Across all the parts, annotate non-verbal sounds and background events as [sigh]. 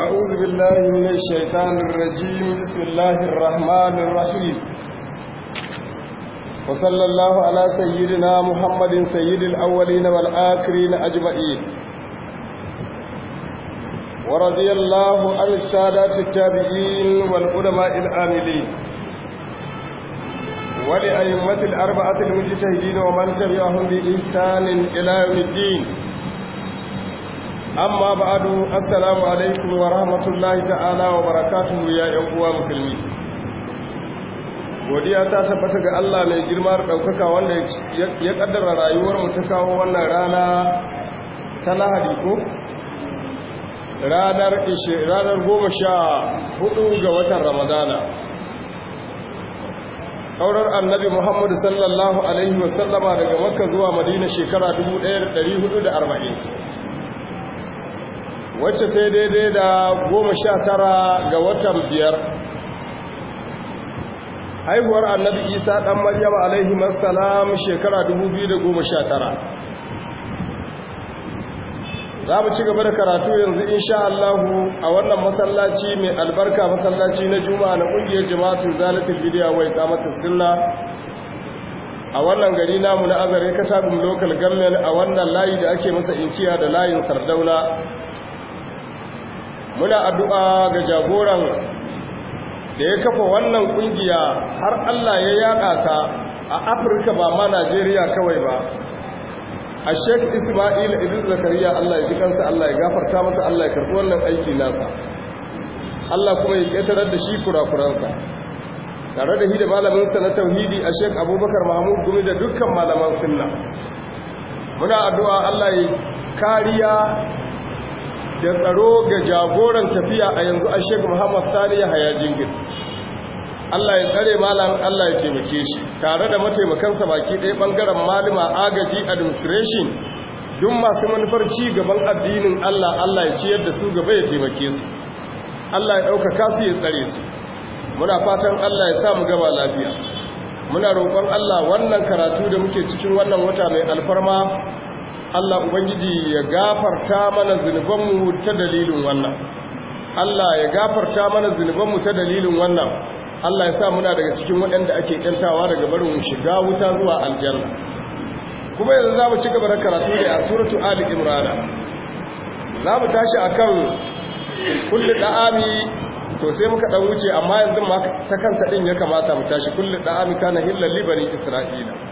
أعوذ بالله من الشيطان الرجيم بسم الله الرحمن الرحيم وصلى الله على سيدنا محمد سيد الأولين والآخرين أجمعين ورضي الله عن السادات التابعين والعلماء العاملين ولأئمة الأربعة المجتهدين ومن تبعهم بإحسان إلى يوم الدين amma ba'adu assalamu alaikum wa rahmatullahi ta'ala wa barakatuhu ya yan uwa musulmi godiya ta tabbata ga Allah mai girma da daukaka wanda ya kaddara rayuwar mu ta kawo wannan rana ta Lahadi ko ranar 14 ga watan Ramadana aurar annabi Muhammad sallallahu alaihi wasallama daga Makka zuwa Madina shekara 1440 wacce ta daidai da goma sha tara ga watan biyar haihuwar annabi isa ɗan maryam alaihi masalam shekara 2019 za mu ci gaba da karatu yanzu insha Allahu a wannan masallaci mai albarka masallaci na juma'a na ƙungiyar jama'atu zalatul bidiya wai kamata sunna a wannan gari namu na azare katabin lokal gamel a wannan layi da ake masa inciya da layin sardauna muna addu'a ga jagoran da ya kafa wannan ƙungiya har Allah ya yaƙa ta a Afirka ba ma Najeriya kawai ba a Sheikh Isma'il Ibn Zakariya Allah ya ji kansa Allah ya gafarta masa Allah ya karɓi wannan aiki nasa Allah kuma ya ƙetarar da shi kurakuransa tare da hida malaminsa na tauhidi a Sheikh Abubakar Mahmud Gumi da dukkan malaman sunna muna addu'a Allah ya kariya da tsaro ga jagoran tafiya a yanzu a shek muhammad sani ya haya jingir allah ya tsare malam allah ya taimake shi tare da mataimakansa baki ɗaya ɓangaren malama agaji administration don masu manufar ci gaban addinin allah allah ya ciyar da su gaba ya taimake su allah ya ɗaukaka su ya tsare su muna fatan allah ya sa mu gaba lafiya muna roƙon allah wannan karatu da muke cikin wannan wata mai alfarma Allah ubangiji ya gafarta mana zunubanmu ta dalilin wannan Allah ya gafarta mana zunubanmu ta dalilin wannan Allah ya sa muna daga cikin waɗanda ake kyantawa daga barin shiga wuta zuwa aljanna kuma yanzu za mu ci gaba da karatu da a suratu ali imrana za mu tashi akan kullu da'ami to sai muka dan wuce amma yanzu ma ta kansa din ya kamata mu tashi kullu da'ami kana hillal libani isra'ila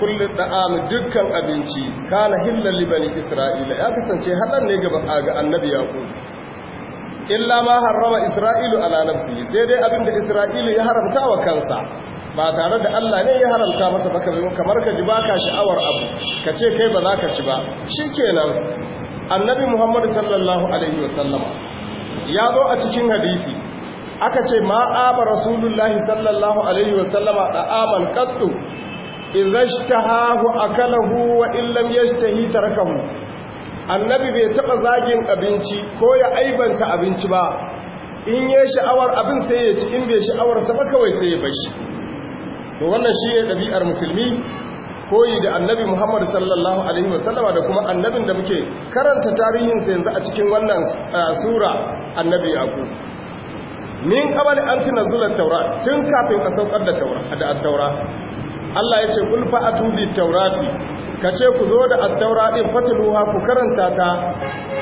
kullum da'ami dukkan abinci kana hillar libani isra'ila ya kasance haɗar ne ga annabi yaƙub illa ma harrama isra'ilu ala nafsi sai dai abin da isra'ilu ya haramta wa kansa ba tare da Allah ne ya haramta masa ba kamar ka ji ka sha'awar abu ka ce kai ba za ka ci ba shikenan annabi Muhammad sallallahu alaihi wa sallama ya zo a cikin hadisi aka ce ma rasulullahi sallallahu alaihi wa sallama da aman kattu idza ishtahahu akalahu wa in yashtahi tarakahu annabi bai taba zagin abinci ko ya aibanta abinci ba in ya sha'awar abin sai ya ci in bai sha'awar sa ba kawai sai ya bashi to wannan shine dabi'ar musulmi koyi da annabi Muhammad sallallahu alaihi wasallama da kuma annabin da muke karanta tarihin sa yanzu a cikin wannan sura annabi yaqu min qabl an tunzila at-taurat tun kafin a saukar da taurat da at-taurat Allah ya ce kul fa'atu bit taurati ce ku zo da at-taura fatluha ku karanta ta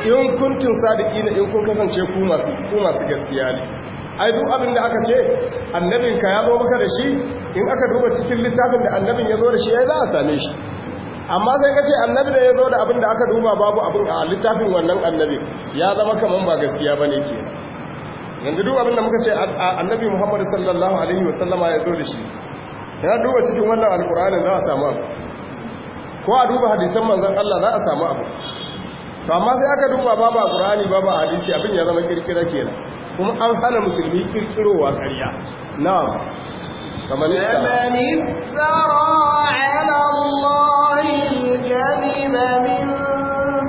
in sadiki sadiqina in kun kasance ku masu ku masu gaskiya ne ai duk abin da aka ce annabin ka ya zo maka da shi in aka duba cikin littafin da annabin ya zo da shi ai za a same shi amma sai ka ce annabi da ya zo da abin da aka duba babu abin a littafin wannan annabi ya zama kaman ba gaskiya bane ke yanzu duk abin da muka ce annabi Muhammad sallallahu alaihi wasallama ya zo da shi ya duba cikin wannan alkur'anin za a samu abu ko a duba hadisan manzan Allah za a samu abu to amma sai aka duba babu alkur'ani babu hadisi abin ya zama kirkira kenan kuma an hana musulmi kirkirowa ƙarya na'am kamar ne man iftara ala min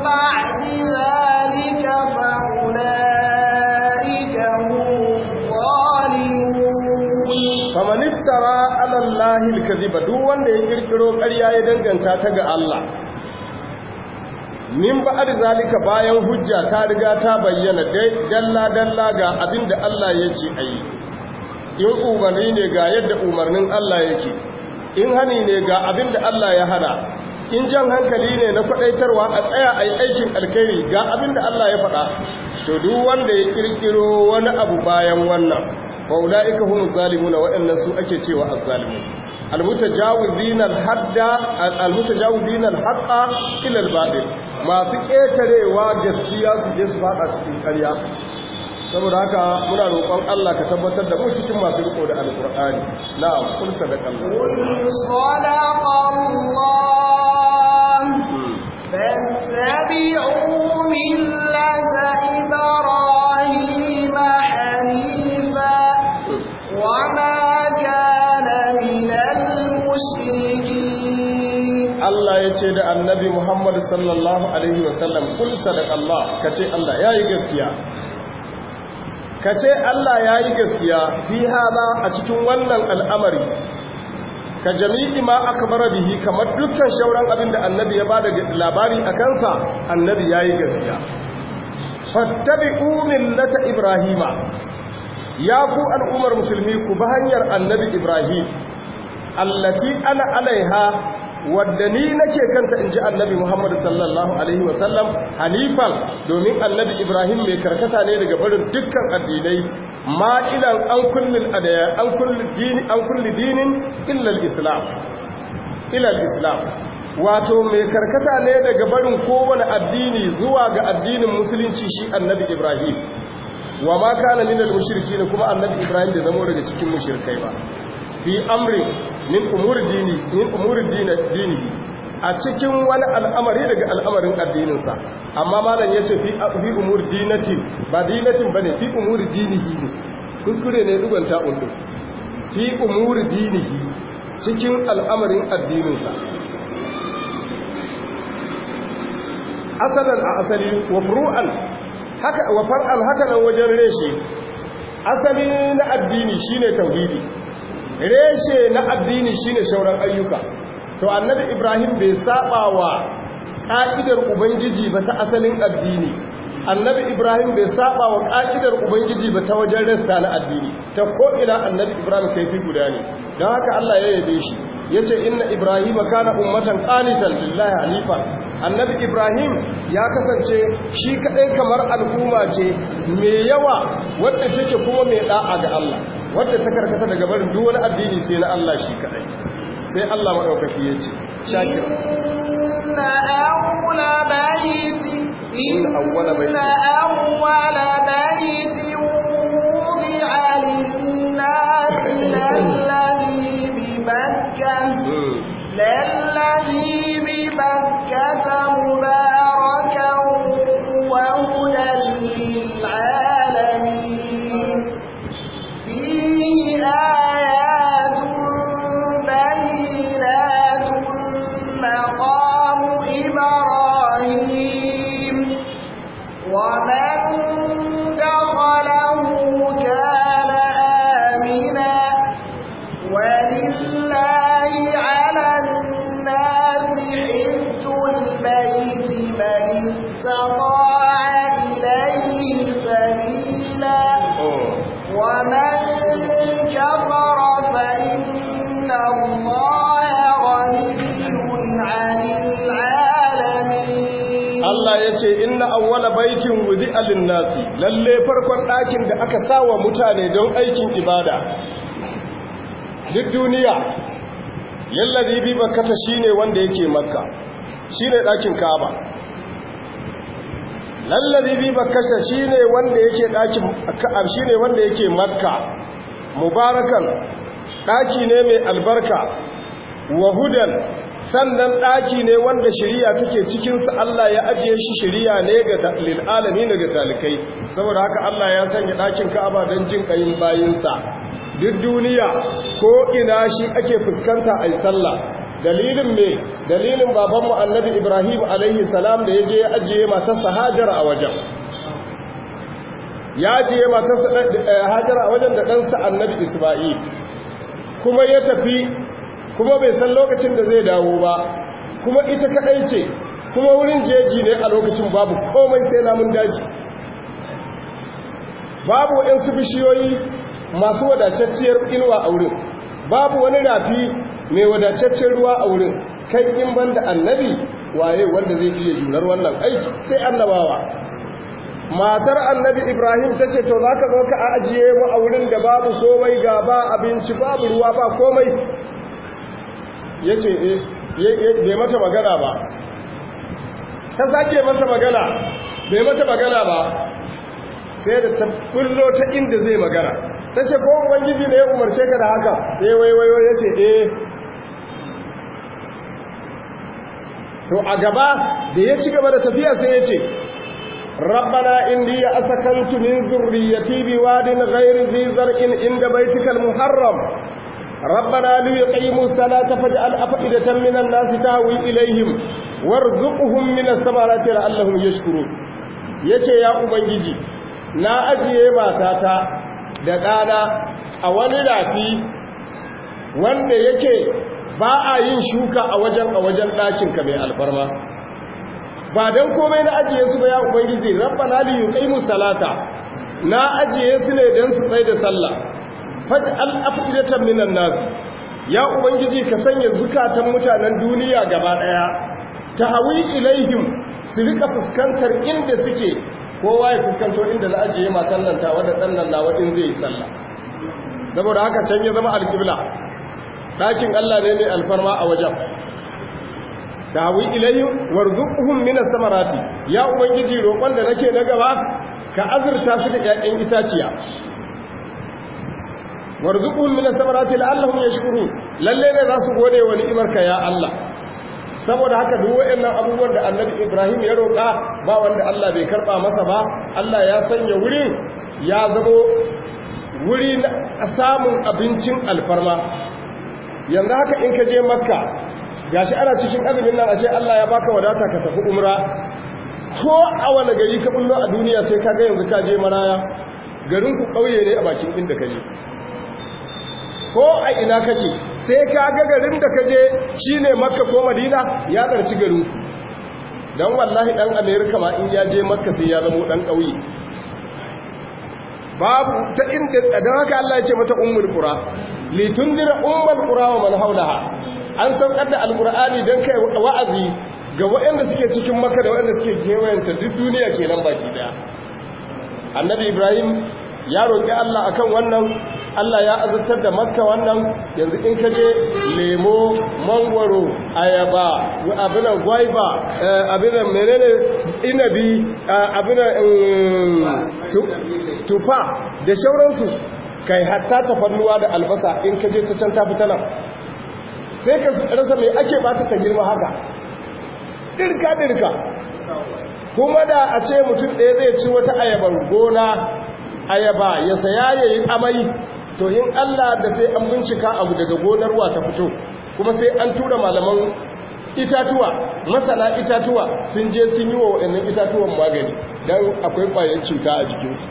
ba'di yudahil kadhiba duk wanda ya kirkiro ƙarya ya danganta ta ga Allah min ba'ad zalika bayan hujja ta riga ta bayyana dai dalla dalla ga abinda Allah ya ce ayi in umarni ne ga yadda umarnin Allah yake in hani ne ga abinda Allah ya hada, in jan hankali ne na kwadaitarwa a tsaya a aikin alkhairi ga abinda Allah ya faɗa to duk wanda ya kirkiro wani abu bayan wannan wa ulaika humuz zalimuna waɗannan su ake cewa azzalimun almutajawizin alhadda almutajawizin alhaqqa ila albatil masu ƙetarewa gaskiya su je su fada cikin ƙarya saboda haka muna roƙon Allah ka tabbatar da mu cikin masu riƙo da alqur'ani na'am kun sadaka Allah sadaqa Allah hmm. fattabi'u millata ce da annabi Muhammadu sallallahu alaihi wasallam kul sadaqallah kace Allah yayi gaskiya ce Allah yi gaskiya fi hada a cikin wannan al'amari ka jami'i ma akbara bihi kamar dukkan shauran abin da annabi ya ba da labari a kansa annabi yayi gaskiya fattabi'u millata ibrahima ya ku al'ummar musulmi ku ba hanyar annabi ibrahim allati ana alaiha wadda ni nake kanta in ji annabi Muhammad sallallahu alaihi wasallam halifan domin annabi Ibrahim mai karkata ne daga barin dukkan addinai ma'ilan an kullil adaya an kullil dini an kulli dinin illa islam illa islam wato mai karkata ne daga barin kowane addini zuwa ga addinin musulunci shi annabi Ibrahim wa ma kana minal mushrikin kuma annabi Ibrahim bai zama daga cikin mushrikai ba bi amrin min umur dini min umur dini a cikin wani al'amari daga al'amarin addininsa amma malam ya ce fi umur dinati ba dinati ba ne fi umur dinihi ne kuskure ne dubanta undu. fi umur dinihi cikin al'amarin addininsa asalan a asali wa furu'an haka wa far'an haka nan wajen reshe asali na addini shine tauhidi reshe na addini shine shauran ayyuka to annabi ibrahim bai saba wa ka'idar ubangiji ba ta asalin addini annabi ibrahim bai saba wa ka'idar ubangiji ba ta wajen rasta na addini ta ila annabi ibrahim kaifi guda ne don haka allah ya yabe shi yace inna ibrahim kana ummatan qanitan lillahi hanifa annabi ibrahim ya kasance shi kadai kamar al'umma ce mai yawa wanda take kuma mai da'a ga allah wadda ta karkata daga barin duk wani addini sai na Allah shi kadai sai Allah madaukaki ya ce shakir inna awwala bayti inna awwala bayti inna awwala bayti wudi'a lin-nasi lalladhi bi Makkah hmm. lalladhi bi Makkah mubarakan wa hudan lil-alamin alin nasi lalle farkon ɗakin da aka sawa mutane don aikin ibada duk duniya yallari bi bakata shine wanda yake makka shi ne ɗakin kaba lallari bi bakata ne wanda yake ɗakin ka'ar shi ne wanda yake makka mubarakan ɗaki ne mai albarka wa hudan sannan ɗaki ne wanda shari'a take cikinsa Allah ya ajiye shi shari'a ne ga lil'alami ne ga talikai saboda haka Allah ya sanya ɗakin ka'aba don jin ƙayin bayinsa duk duniya ko ina shi ake fuskanta a sallah dalilin me dalilin babanmu annabi ibrahim alaihi salam da ya je ya ajiye matarsa Hajar a wajen ya ajiye matarsa eh, hajara a wajen da ɗansa annabi isma'il kuma ya tafi kuma bai san lokacin da zai dawo ba kuma ita kaɗai ce kuma wurin jeji ne a lokacin babu komai sai namun daji babu waɗansu bishiyoyi masu wadatacciyar inuwa a wurin babu wani rafi mai wadataccen ruwa a wurin kai in banda annabi waye wanda zai iya jurar wannan aiki sai annabawa matar annabi ibrahim ta ce to za ka zo ka ajiye mu a wurin da babu komai ga ba abinci babu ruwa ba komai Eh, ya ce bai mata magana ba ta sake mata magana bai mata magana ba sai da ta kullo ta inda zai magana ta ce ko ubangiji ne ya umarce ka da haka yi eh, waiwaiwa ya ce eh to a gaba da ya ci gaba da tafiya sai ya ce ربنا إني أسكنت من ذريتي بواد غير zizar زرع عند بيتك muharram ربنا ليقيموا الصلاة فاجعل أفئدة من الناس تهوي إليهم وارزقهم من الثمرات لعلهم يشكرون yace ya ubangiji na ajiye matata da ɗana a wani rafi wanda yake ba a yin shuka a wajen a wajen ɗakinka mai alfarma ba don komai na ajiye su ba ya ubangiji rabbana li yuqimu salata na ajiye su ne dan su tsaye da sallah al afidatan minan nas ya ubangiji ka sanya zukatan mutanen duniya gaba daya hawi ilaihim su rika fuskantar inda suke kowa ya fuskanto inda za a je matan nan ta lawa in zai sallah saboda haka can ya zama alqibla dakin Allah ne mai alfarma a wajen hawi ilaihim warzuqhum minas samarati ya ubangiji roƙon da nake na gaba ka azurta su da ƴaƴan itaciya warzuqhum min as-samarati la'allahum yashkurun lalle ne za su gode wa ni'imarka ya Allah saboda haka duk waɗannan abubuwan da Annabi Ibrahim ya roƙa ba wanda Allah bai karba masa ba Allah ya sanya wurin ya zamo wuri na samun abincin alfarma yanzu haka in ka je Makka gashi ana cikin azumin nan a ce Allah ya baka wadata ka tafi umra ko a wani gari ka bullo a duniya sai ka ga yanzu ka je maraya garin ku kauye ne a bakin inda ka je ko a ina kake sai ka ga garin da kaje shine makka ko madina ya tsarci garin don wallahi dan amerika ma in ya je makka sai ya zama dan ƙauye babu ta inda da haka Allah ya ce mata ummul qura litundira ummul qura wa man hawlaha an san da alqur'ani dan kai wa'azi ga waɗanda suke cikin maka da waɗanda suke ta duk duniya kenan baki daya annabi ibrahim ya roƙi Allah akan wannan Allah ya azurtar da makka wannan yanzu in ka je lemo mangwaro ayaba abin gwaiba eh, abin menene inabi eh, abin mm, tufa da shauransu kai hatta tafannuwa da albasa in ka je ta can tafi nan. sai ka rasa mai ake ba ta girma haka dirka-dirka kuma da a ce mutum ɗaya zai ci wata ayabar gona ayaba ya saya ya amai to yin Allah da sai an bincika abu daga gonarwa ta fito kuma sai an tura malaman itatuwa masana itatuwa sun je sun yi wa waɗannan itatuwan magani don akwai ƙwayar cuta a jikinsu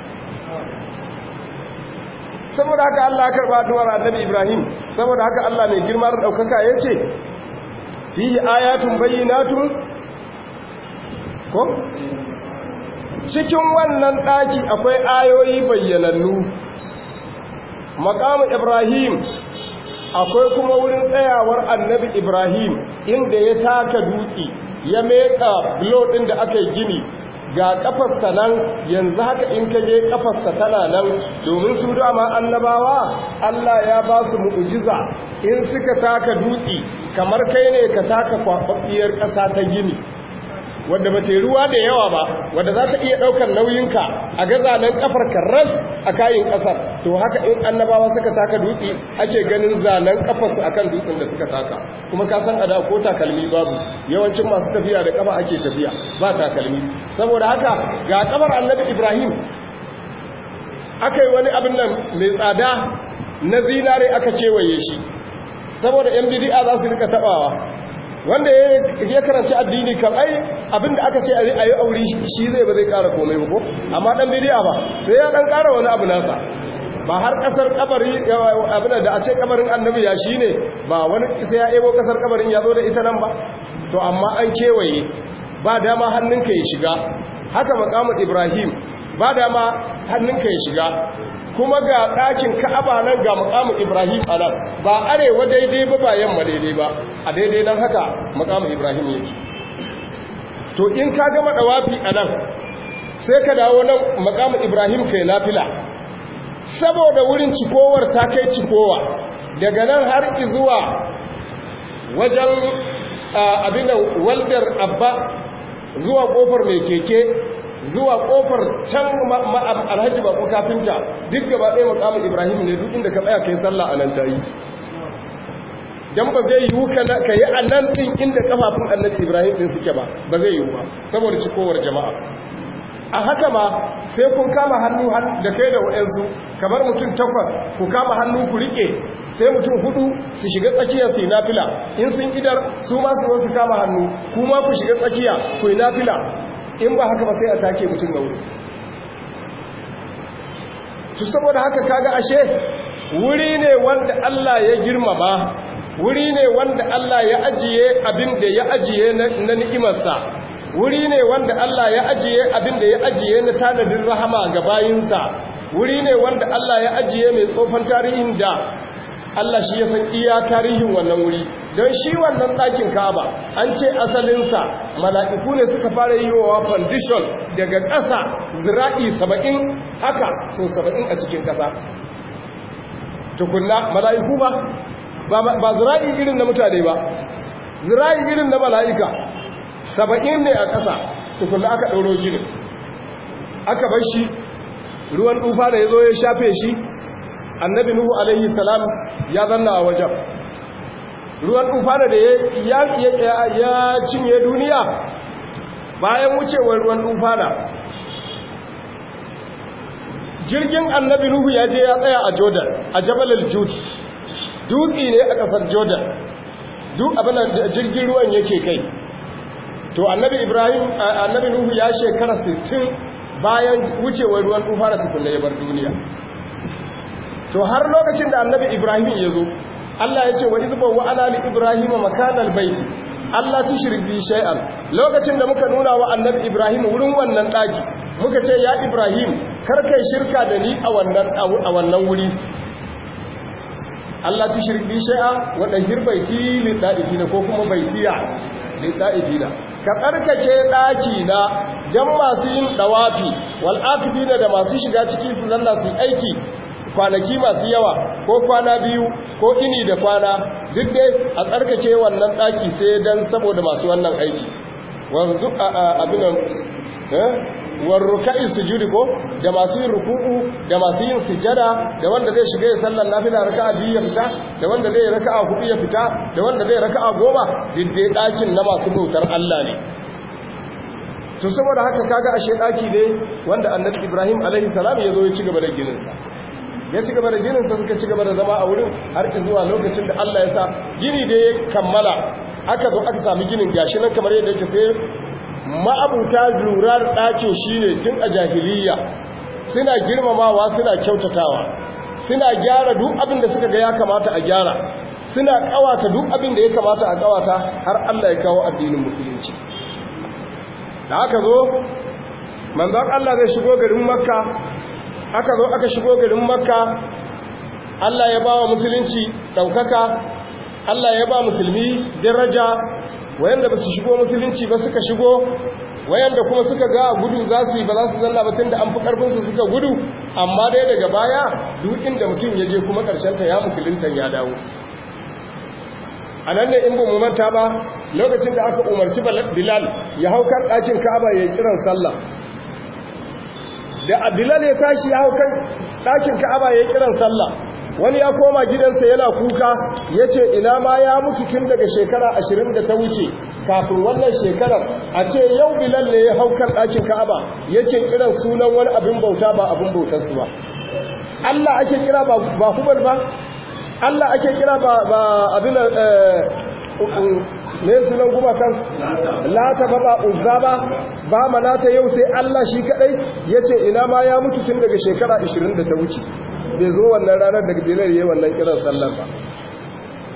saboda haka Allah karɓa addu'ar annabi Ibrahim saboda haka Allah mai girma da ɗaukaka ya ce fihi ayatun bayyinatun ko cikin wannan ɗaki akwai ayoyi bayyanannu makamu ibrahim akwai kuma wurin tsayawar annabi ibrahim inda ya taka dutse ya meka bulo ɗin da aka yi gini ga kafarsa nan yanzu haka in ka je kafarsa tana nan domin su dama annabawa Allah ya ba su mu'jiza in suka taka dutse kamar kai ne ka taka kwakwafiyar ƙasa ta gini wadda ba ta ruwa da yawa ba wadda za ta iya ɗaukar nauyinka a gazanen kafar karras a kayan kasar to haka in annabawa suka taka dutse ake ganin zanen kafarsu a kan dutsen da suka taka kuma ka san a da ko takalmi babu yawancin masu tafiya da kafa ake tafiya ba takalmi saboda haka ga kafar annabi ibrahim aka wani abin nan mai tsada na zinare aka kewaye shi saboda yan bidi'a za su rika taɓawa wanda ya karanci addini kan ai abinda aka ce a yi aure shi zai ba zai kara komai ba ko amma dan bidiya ba sai ya dan kara wani abu nasa ba har kasar kabari abinda da a ce kabarin annabi ya shi ne ba wani sai ya ebo kasar kabarin ya zo da ita nan ba to amma an kewaye ba dama hannunka ya shiga haka makamat ibrahim ba dama hannunka ya shiga kuma ga ɗakin ka'aba nan ga makamu ibrahim a nan ba arewa daidai ba ba yamma daidai ba a daidai don haka makamu ibrahim yake to in ka gama ɗawafi a nan sai ka dawo nan makamu ibrahim kai lafila saboda wurin cikowar ta kai cikowa daga nan har zuwa wajen abin da waldar abba zuwa kofar mai keke zuwa kofar can alhaji ba ko kafinta duk gaba ɗaya makamun ibrahim ne duk inda ka tsaya ka yi sallah a nan ta yi Don ba zai yiwu ka yi a nan ɗin inda kafafun annabi ibrahim ɗin suke ba ba zai yiwu ba saboda cikowar jama'a a haka ma sai kun kama hannu da kai da waɗansu kamar mutum takwas ku kama hannu ku riƙe sai mutum hudu su shiga tsakiya su yi nafila in sun idar su ma su kama hannu kuma ku shiga tsakiya ku yi nafila in ba haka ba sai a take mutum da wuri su saboda haka kaga ashe wuri ne wanda Allah ya girmama wuri ne wanda Allah ya ajiye abin da ya ajiye na ni'imarsa wuri ne wanda Allah ya ajiye abin da ya ajiye na tanadin rahama ga bayinsa wuri ne wanda Allah ya ajiye mai tsofan tarihin da Allah shi ya san iya tarihin wannan wuri don shi wannan ɗakin kaba an ce asalinsa mala'iku ne suka fara yi wa foundation daga ƙasa zira'i saba'in haka sun saba'in a cikin ƙasa tukunna mala'iku ba ba zira'i irin na mutane ba zira'i irin na mala'ika saba'in ne a ƙasa tukunna aka ɗauro ginin aka bashi shi ruwan ɗufa da ya zo ya shafe shi annabi nuhu alaihi salam ya zanna a wajen ruwan dufana da ya cinye duniya bayan wucewar ruwan dufana jirgin annabi nuhu ya je ya tsaya a jordan a jabalal judi dutse ne a kasar jordan duk abin da jirgin ruwan yake kai to annabi ibrahim annabi nuhu ya shekara 60 bayan wucewar ruwan dufana da tukunna ya bar duniya to har lokacin da annabi ibrahim ya zo allah ya ce wa izba wa ala li ibrahim makanal baiti allah tushrik bi shay'an lokacin da muka nuna wa annabi ibrahim wurin wannan daki muka ce ya ibrahim kar kai shirka da ni a wannan a wannan wuri Allah ta shirki shai'a waɗannan baiti liɗa'ifina ko kuma baitiya liɗa'ifina ka tsarkake daki na don masu yin ɗawafi aqibina da masu shiga ciki su zanna su aiki kwanaki masu yawa ko kwana biyu ko ini da kwana duk dai a tsarkace wannan ɗaki sai dan saboda masu wannan aiki wanzu a abin abinan eh, warruka'in sujudi ko da masu yin ruku'u da masu yin sujada da wanda zai shiga ya sallar nafila raka'a biyu ya fita da wanda zai raka'a hudu ya fita da wanda zai raka'a goma diddai ɗakin na masu bautar Allah ne to saboda haka kaga ashe ɗaki ne wanda annabi Ibrahim alaihi salam ya zo ya ci gaba da gininsa ya ci gaba da ginin sa suka ci gaba da zama a wurin har zuwa lokacin da Allah ya sa gini da ya kammala aka zo aka sami ginin gashi nan kamar yadda yake sai ma'abuta lura da shi ne tun a jahiliya suna girmamawa suna kyautatawa suna gyara duk abin da suka ga ya kamata a gyara suna kawata duk abin da ya kamata a kawata har Allah ya kawo addinin musulunci da aka zo manzon Allah zai shigo garin makka aka zo aka shigo garin makka allah ya ba wa musulunci ɗaukaka allah ya ba musulmi daraja wayanda ba su shigo musulunci ba suka shigo wayanda kuma suka ga gudu za su yi ba za su zanna ba tun da an fi karfinsu suka gudu amma dai daga baya duk inda mutum ya je kuma ta ya musulunta ya dawo a nan ne in ba mu manta ba lokacin da aka umarci bilal ya hau kan ɗakin ka'aba ya kiran sallah da abdullal ya tashi ya hau kan ɗakin ka'aba ya kiran sallah wani ya koma gidansa yana kuka ya ce ina ma ya mutu tun daga shekara ashirin da ta wuce kafin wannan shekarar a ce yau bilal ne ya hau kan ɗakin ka'aba ce kiran sunan wani abin bauta ba abin bautarsu ba Allah ake kira ba hubar ba Allah ake kira ba abin eh, me sunan gumakan lata ba ba uzza ba ba ta yau sai Allah shi kadai yace ina ma ya mutu tun daga shekara 20 da ta wuce bai zo wannan ranar da dilar yayin wannan kiran sallar ba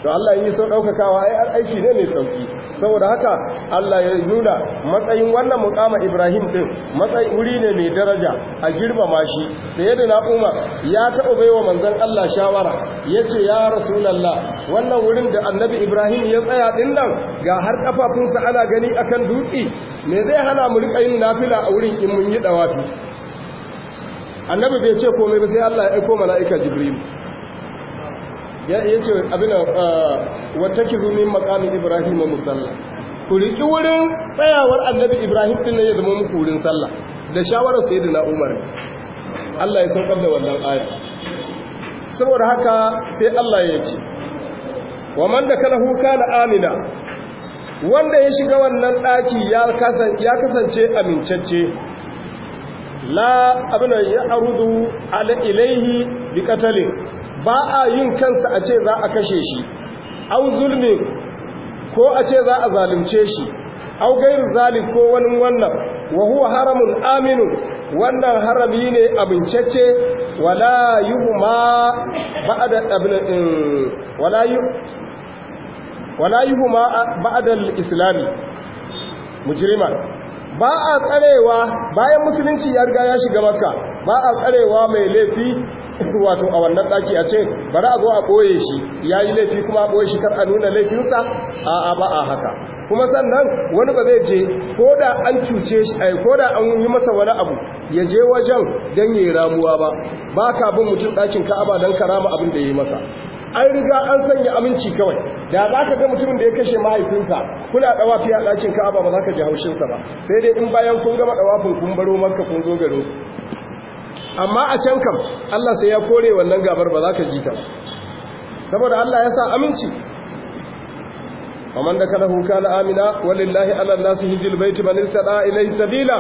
to Allah yi so daukakawa ai aiki ne mai sauki saboda haka Allah ya nuna matsayin wannan mukama Ibrahim din matsayi wuri ne mai daraja a girmama shi da Umar ya taba baiwa manzon Allah shawara yace ya rasulullah wannan wurin da annabi Ibrahim ya tsaya din nan ga har kafafunsa ana gani akan dutse me zai hana mu rika yin nafila a wurin in mun yi dawafi annabi bai ce komai ba sai Allah ya aika mala'ika Jibril ya iya ce abin uh, wata ki zumi makamin ibrahim Sallah. ku riƙi wurin tsayawar annabi ibrahim ɗin ya zama muku wurin sallah da shawarar sai da na'umar allah ya saukar da wannan aya saboda haka sai allah ya ce wa man da huka da amina wanda ya shiga wannan ɗaki ya kasance amincacce la abin ya arudu ala ilaihi bi katalin ba a yin kansa a ce za a kashe shi au zulmi ko a ce za a zalunce shi au gairu zalim ko wani wannan wa huwa haramun aminu wannan harami ne abincacce wala eh, wala wala ba'da islami ba a tsarewa bayan musulunci ya riga ya shiga makka ba a tsarewa mai laifi [laughs] wato a wannan ɗaki a ce bari a zo a ɓoye shi yayi laifi kuma a ɓoye shi kar a nuna laifinsa a a ba a haka kuma sannan wani ba zai je ko da an cuce shi ai ko da an yi masa wani abu ya je wajen don ya ramuwa ba ba ka bin mutum ɗakin ka'aba don ka rama abin da ya yi masa an riga an sanya aminci kawai da za ka ga mutumin da ya kashe mahaifinka kuna dawa fiye a ɗakin ka'aba ba za ka ji haushinsa ba sai dai in bayan kun gama dawafin kun baro makka kun zo garo amma a can kam Allah sai ya kore wannan gabar ba za ka ji ta saboda Allah ya sa aminci kana huka na amina walillahi ala الناس hijil baiti man استطاع إليه sabila.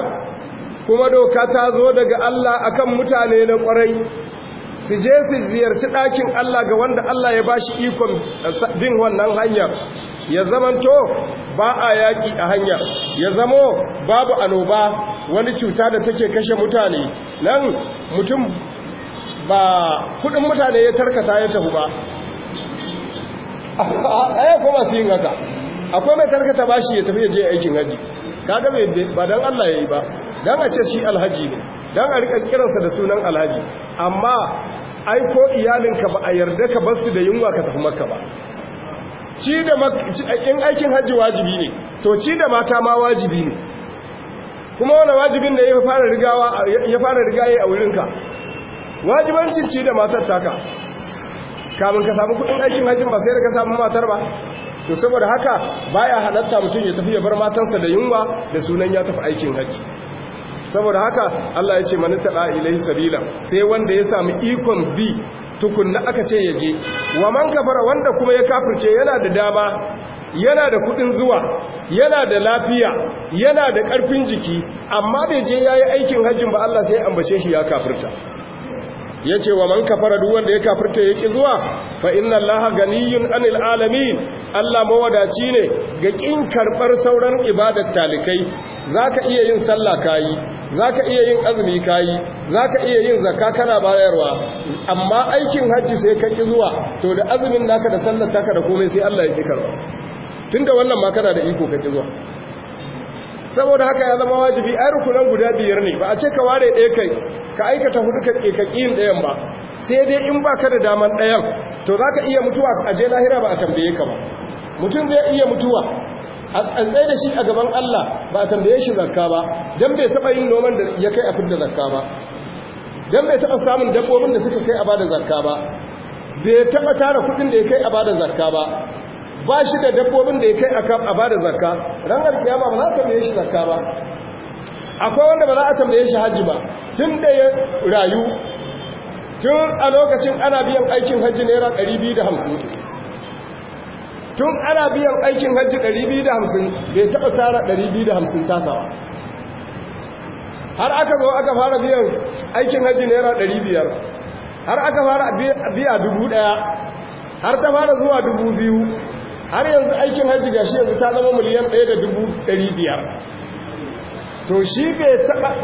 kuma doka ta zo daga Allah akan mutane na kwarai su je su ziyarci ɗakin Allah ga wanda Allah ya bashi ikon eh, bin wannan hanyar ya zamanto ba a yaƙi a hanyar ya zamo babu anoba wani cuta da take kashe mutane nan mutum ba kudin mutane ya tarkata ya tafi ba aya [laughs] kuma su yin haka akwai mai tarkata bashi ya tafi ya je aikin haji kaga ba don Allah ya yi ba Don a ce shi alhaji ne Don a rika kiransa da sunan alhaji amma ai ko iyalinka ba a yarda ka basu da yunwa ka tafi maka ba ci da in aikin haji wajibi ne to ci da mata ma wajibi ne kuma wani wajibin da ya fara ya fara rigaye a wurinka wajibancin ci da matar taka kamun ka samu kudin aikin hajjin ba sai da ka samu matar ba to saboda haka baya halatta mutum ya tafi ya bar matansa da yunwa da sunan ya tafi aikin hajji saboda haka Allah ya ce manita da ilaihi sabila sai wanda ya samu ikon bi tukun tukunna aka ce ya je wa man kafara wanda kuma ya kafirce yana da dama yana da kudin zuwa yana da lafiya yana da karfin jiki amma da je yayi aikin hajjin ba Allah sai ambace shi ya kafirta yace wa man kafara duk wanda ya kafirta yake zuwa fa inna allaha ganiyun anil alamin Allah mawadaci ne ga kin karbar sauran ibadar talikai zaka iya yin sallah kai zaka iya yin azumi kai zaka iya yin zakka kana bayarwa amma aikin hajji sai ka ki zuwa to da azumin naka da sallar taka da komai sai Allah ya ki karba Tun da wannan ma kana da iko ka izuwa saboda haka ya zama wajibi ai rukunan guda biyar ne ba a ce ka ware ɗaya kai ka aikata hudu ka ke yin ɗayan ba sai dai in ba ka da daman ɗayan to za ka iya mutuwa a je lahira ba a tambaye ka ba mutum zai iya mutuwa a tsantsai da shi a gaban Allah ba a tambaye shi zakka ba don bai taɓa yin noman da ya kai a fidda zakka ba don bai taɓa samun dabbobin da suka kai a bada zakka ba bai taɓa tara kuɗin da ya kai a bada zakka ba ba shi da dabbobin da ya kai a ba da zakka ranar kiyama ba za a tambaye shi zakka ba akwai wanda ba za a tambaye shi hajji ba tun da ya rayu tun a lokacin ana biyan aikin hajji naira 250 tun ana biyan aikin hajji 250 bai taɓa tara 250 tasawa har aka zo aka fara biyan aikin hajji naira 500 har aka fara biya 1000 har ta fara zuwa 2000 har yanzu aikin hajji gashi yanzu ta zama miliyan 1,500 to shi bai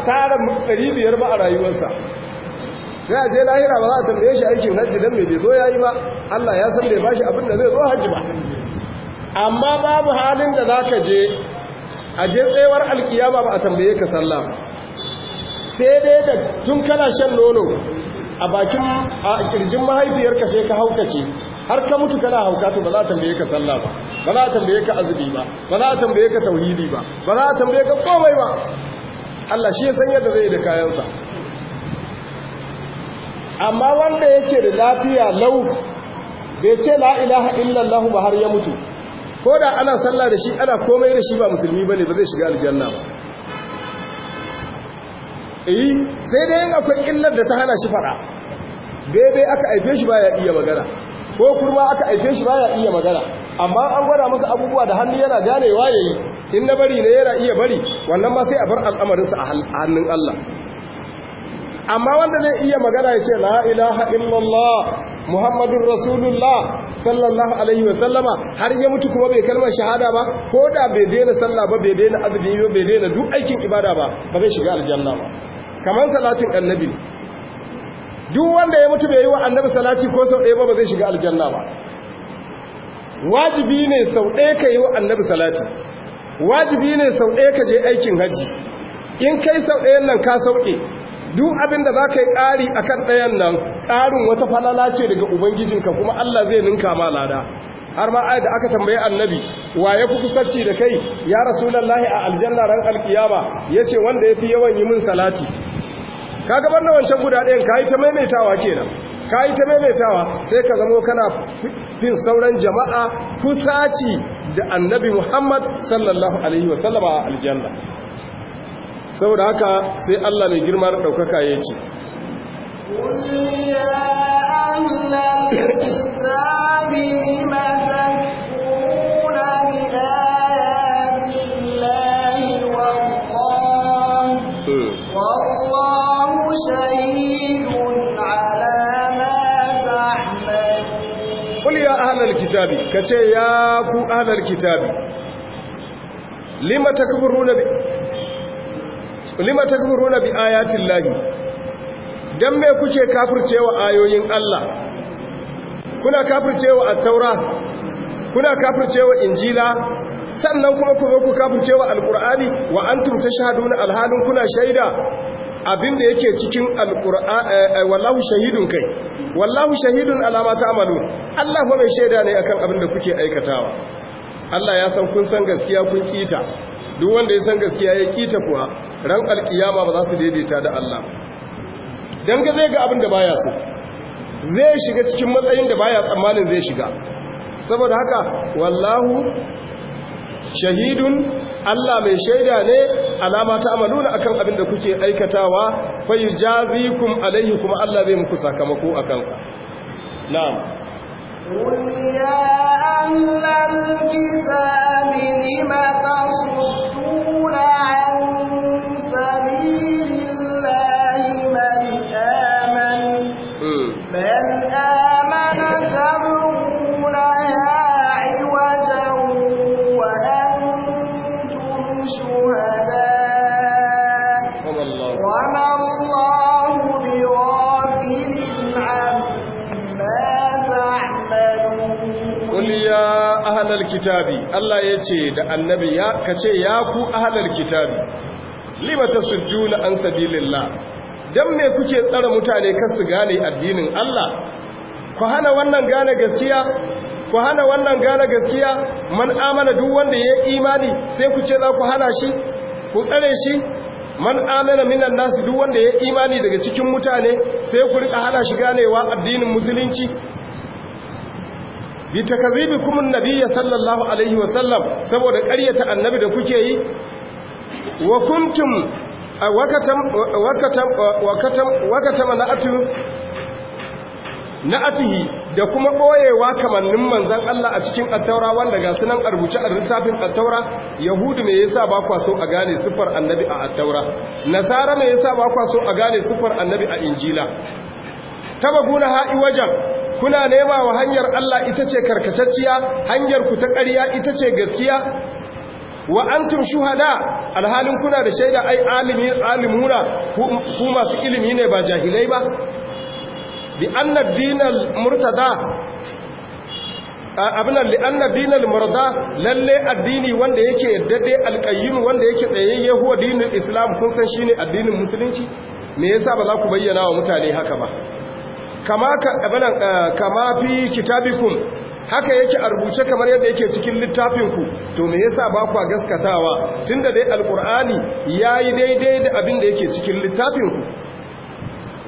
tara 500 ba a rayuwarsa sai a je lahira ba za a tambaye shi aikin hajji don mai bai zo ya yi ba Allah ya san ya bashi abin da zai zo hajji ba amma babu halin da za ka je a je tsewar alkiyama ba a tambaye ka sallah sai dai da tun kana shan nono a bakin a kirjin mahaifiyarka sai ka haukace har ka mutu kana hauka to ba za a tambaye ka sallah ba ba za a tambaye ka azumi ba ba za a tambaye ka tauhidi ba ba za a tambaye ka komai ba Allah shi ya san yadda zai da kayansa amma wanda yake da lafiya lau bai ce la ilaha illallah ba har ya mutu ko da ana sallah da shi ana komai da shi ba musulmi bane ba zai shiga aljanna ba eh sai dai akwai illar da ta hana shi fara bebe aka aife shi baya iya magana ko kurma aka aife shi baya iya magana amma an gwada masa abubuwa da hannu yana ganewa yayi in na bari ne yana iya bari wannan ma sai a bar al'amarin sa a hannun Allah amma wanda zai iya magana ya ce la ilaha illallah muhammadun rasulullah sallallahu alaihi wa sallama har ya mutu kuma bai kalmar shahada ba ko da bai daina sallah ba bai daina azumi ba bai daina duk aikin ibada ba ba zai shiga aljanna ba kamar salatin annabi duk wanda ya mutu bai yi wa annabi salati ko sau ɗaya ba ba zai shiga aljanna ba wajibi ne sau ɗaya ka yi wa annabi salati wajibi ne sau ɗaya ka je aikin hajji in kai sau ɗayan nan ka sauƙe duk abin da za ka yi ƙari a kan ɗayan nan ƙarin wata falala ce daga ubangijinka kuma allah zai ninka ma lada har ma ayat da aka tambaye annabi wa ya fi kusarci da kai ya rasulallahi a aljanna ran alkiyama ya ce wanda ya fi yawan yi min salati ka gabar na wancan guda ɗayan ka yi ta maimaitawa kenan ka yi ta maimaitawa sai ka zamo kana fin sauran jama'a kusaci da annabi muhammad sallallahu alaihi wasallama a aljanna saboda haka sai allah mai girma da ɗaukaka ya ce شهيد على ما تعملون قل يا أهل kitabi, كتي يا bi الكتاب لما تكفرون ب... لما dan me kuke kafircewa ayoyin Allah kuna kafircewa at-taura kuna kafircewa injila sannan kuma ku zo ku kafircewa al-qur'ani wa antum tashhaduna al-halun kuna shaida abin da yake cikin alkur'ani eh, eh, wallahu shahidun kai wallahu shahidun alama ta amalu Allah fa mai shaida ne akan abin da kuke aikatawa Allah ya san kun san gaskiya kun kita duk wanda ya san gaskiya ya kita kuwa ran alkiyama ba za su daidaita da Allah dan ga zai ga abin da baya so zai shiga cikin matsayin da baya tsammanin zai shiga saboda haka wallahu shahidun Allah mai shaida ne alama ta amaluna akan abin da kuke aikatawa fa yujazikum alaihi kuma Allah zai muku sakamako akan sa na'am قل kitabi Allah ya ce da annabi ya kace ya ku ahalar kitabi lima tasudduna an sabilillah dan me kuke tsara mutane kan su gane addinin Allah ku hana wannan gane gaskiya ku hana wannan gane gaskiya man amana duk wanda ya imani sai ku ce za ku hana shi ku tsare shi man amana minan nasu duk wanda ya imani daga cikin mutane sai ku rika hana shi ganewa addinin musulunci bi kuma nabiya sallallahu alaihi wa sallam saboda ƙaryata annabi da kuke yi wa kuntum wakatam wakatam wakatam wakatam na'atu na'atihi da kuma ɓoyewa kamannin manzan Allah a cikin at-taura wanda ga sunan a rubuce a littafin yahudu me yasa ba kwa so a gane siffar annabi a at-taura nasara me yasa ba kwa so a gane siffar annabi a injila tabaguna ha'i wajen kuna nema wa hanyar Allah ita ce karkatacciya hanyar ku ta ƙarya ita ce gaskiya wa antum shuhada alhalin kuna da shaida ai alimi alimuna ku masu ilimi ne ba jahilai ba bi anna dinal murtada abin da anna dinal murtada lalle addini wanda yake yaddade alqayyim wanda yake tsayayye huwa dinul islam kun san shine addinin musulunci me yasa ba za ku bayyana wa mutane haka ba kama eh, kama fi kitabikum haka yake a rubuce kamar yadda yake cikin littafin ku. to me yasa ba ku gaskatawa tunda dai alqur'ani yayi daidai da abin da yake cikin littafinku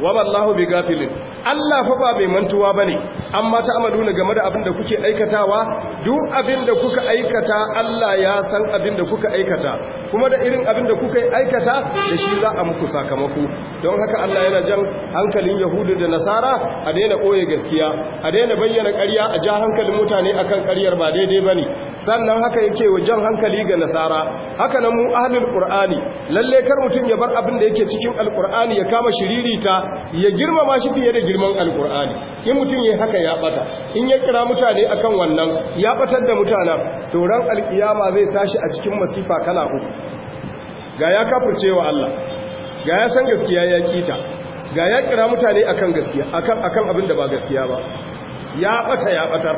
wa wallahu gafilin Allah fa ba mai mantuwa bane amma ta'maluna game da abin da kuke aikatawa duk abin da kuka aikata Allah ya san abin da kuka aikata kuma da irin abin da kuka aikata da shi za a muku sakamako don haka Allah yana jan hankalin Yahudu da Nasara a daina ɓoye gaskiya a daina bayyana ƙarya a ja hankalin mutane akan ƙaryar ba daidai ba ne. sannan haka yake wa jan hankali ga Nasara haka nan mu ahlul Qur'ani lalle kar mutum ya bar abin da yake cikin Alƙur'ani ya kama shiririta ya girmama shi fiye da girman Alƙur'ani in mutum yi haka haka ya bata in ya kira mutane akan wannan ya batar da mutanen ran alkiyama zai tashi a cikin masifa kala uku ga ya wa Allah ga ya san gaskiya ya kita ga ya kira mutane akan gaskiya akan akan abin da ba gaskiya ba ya bata ya batar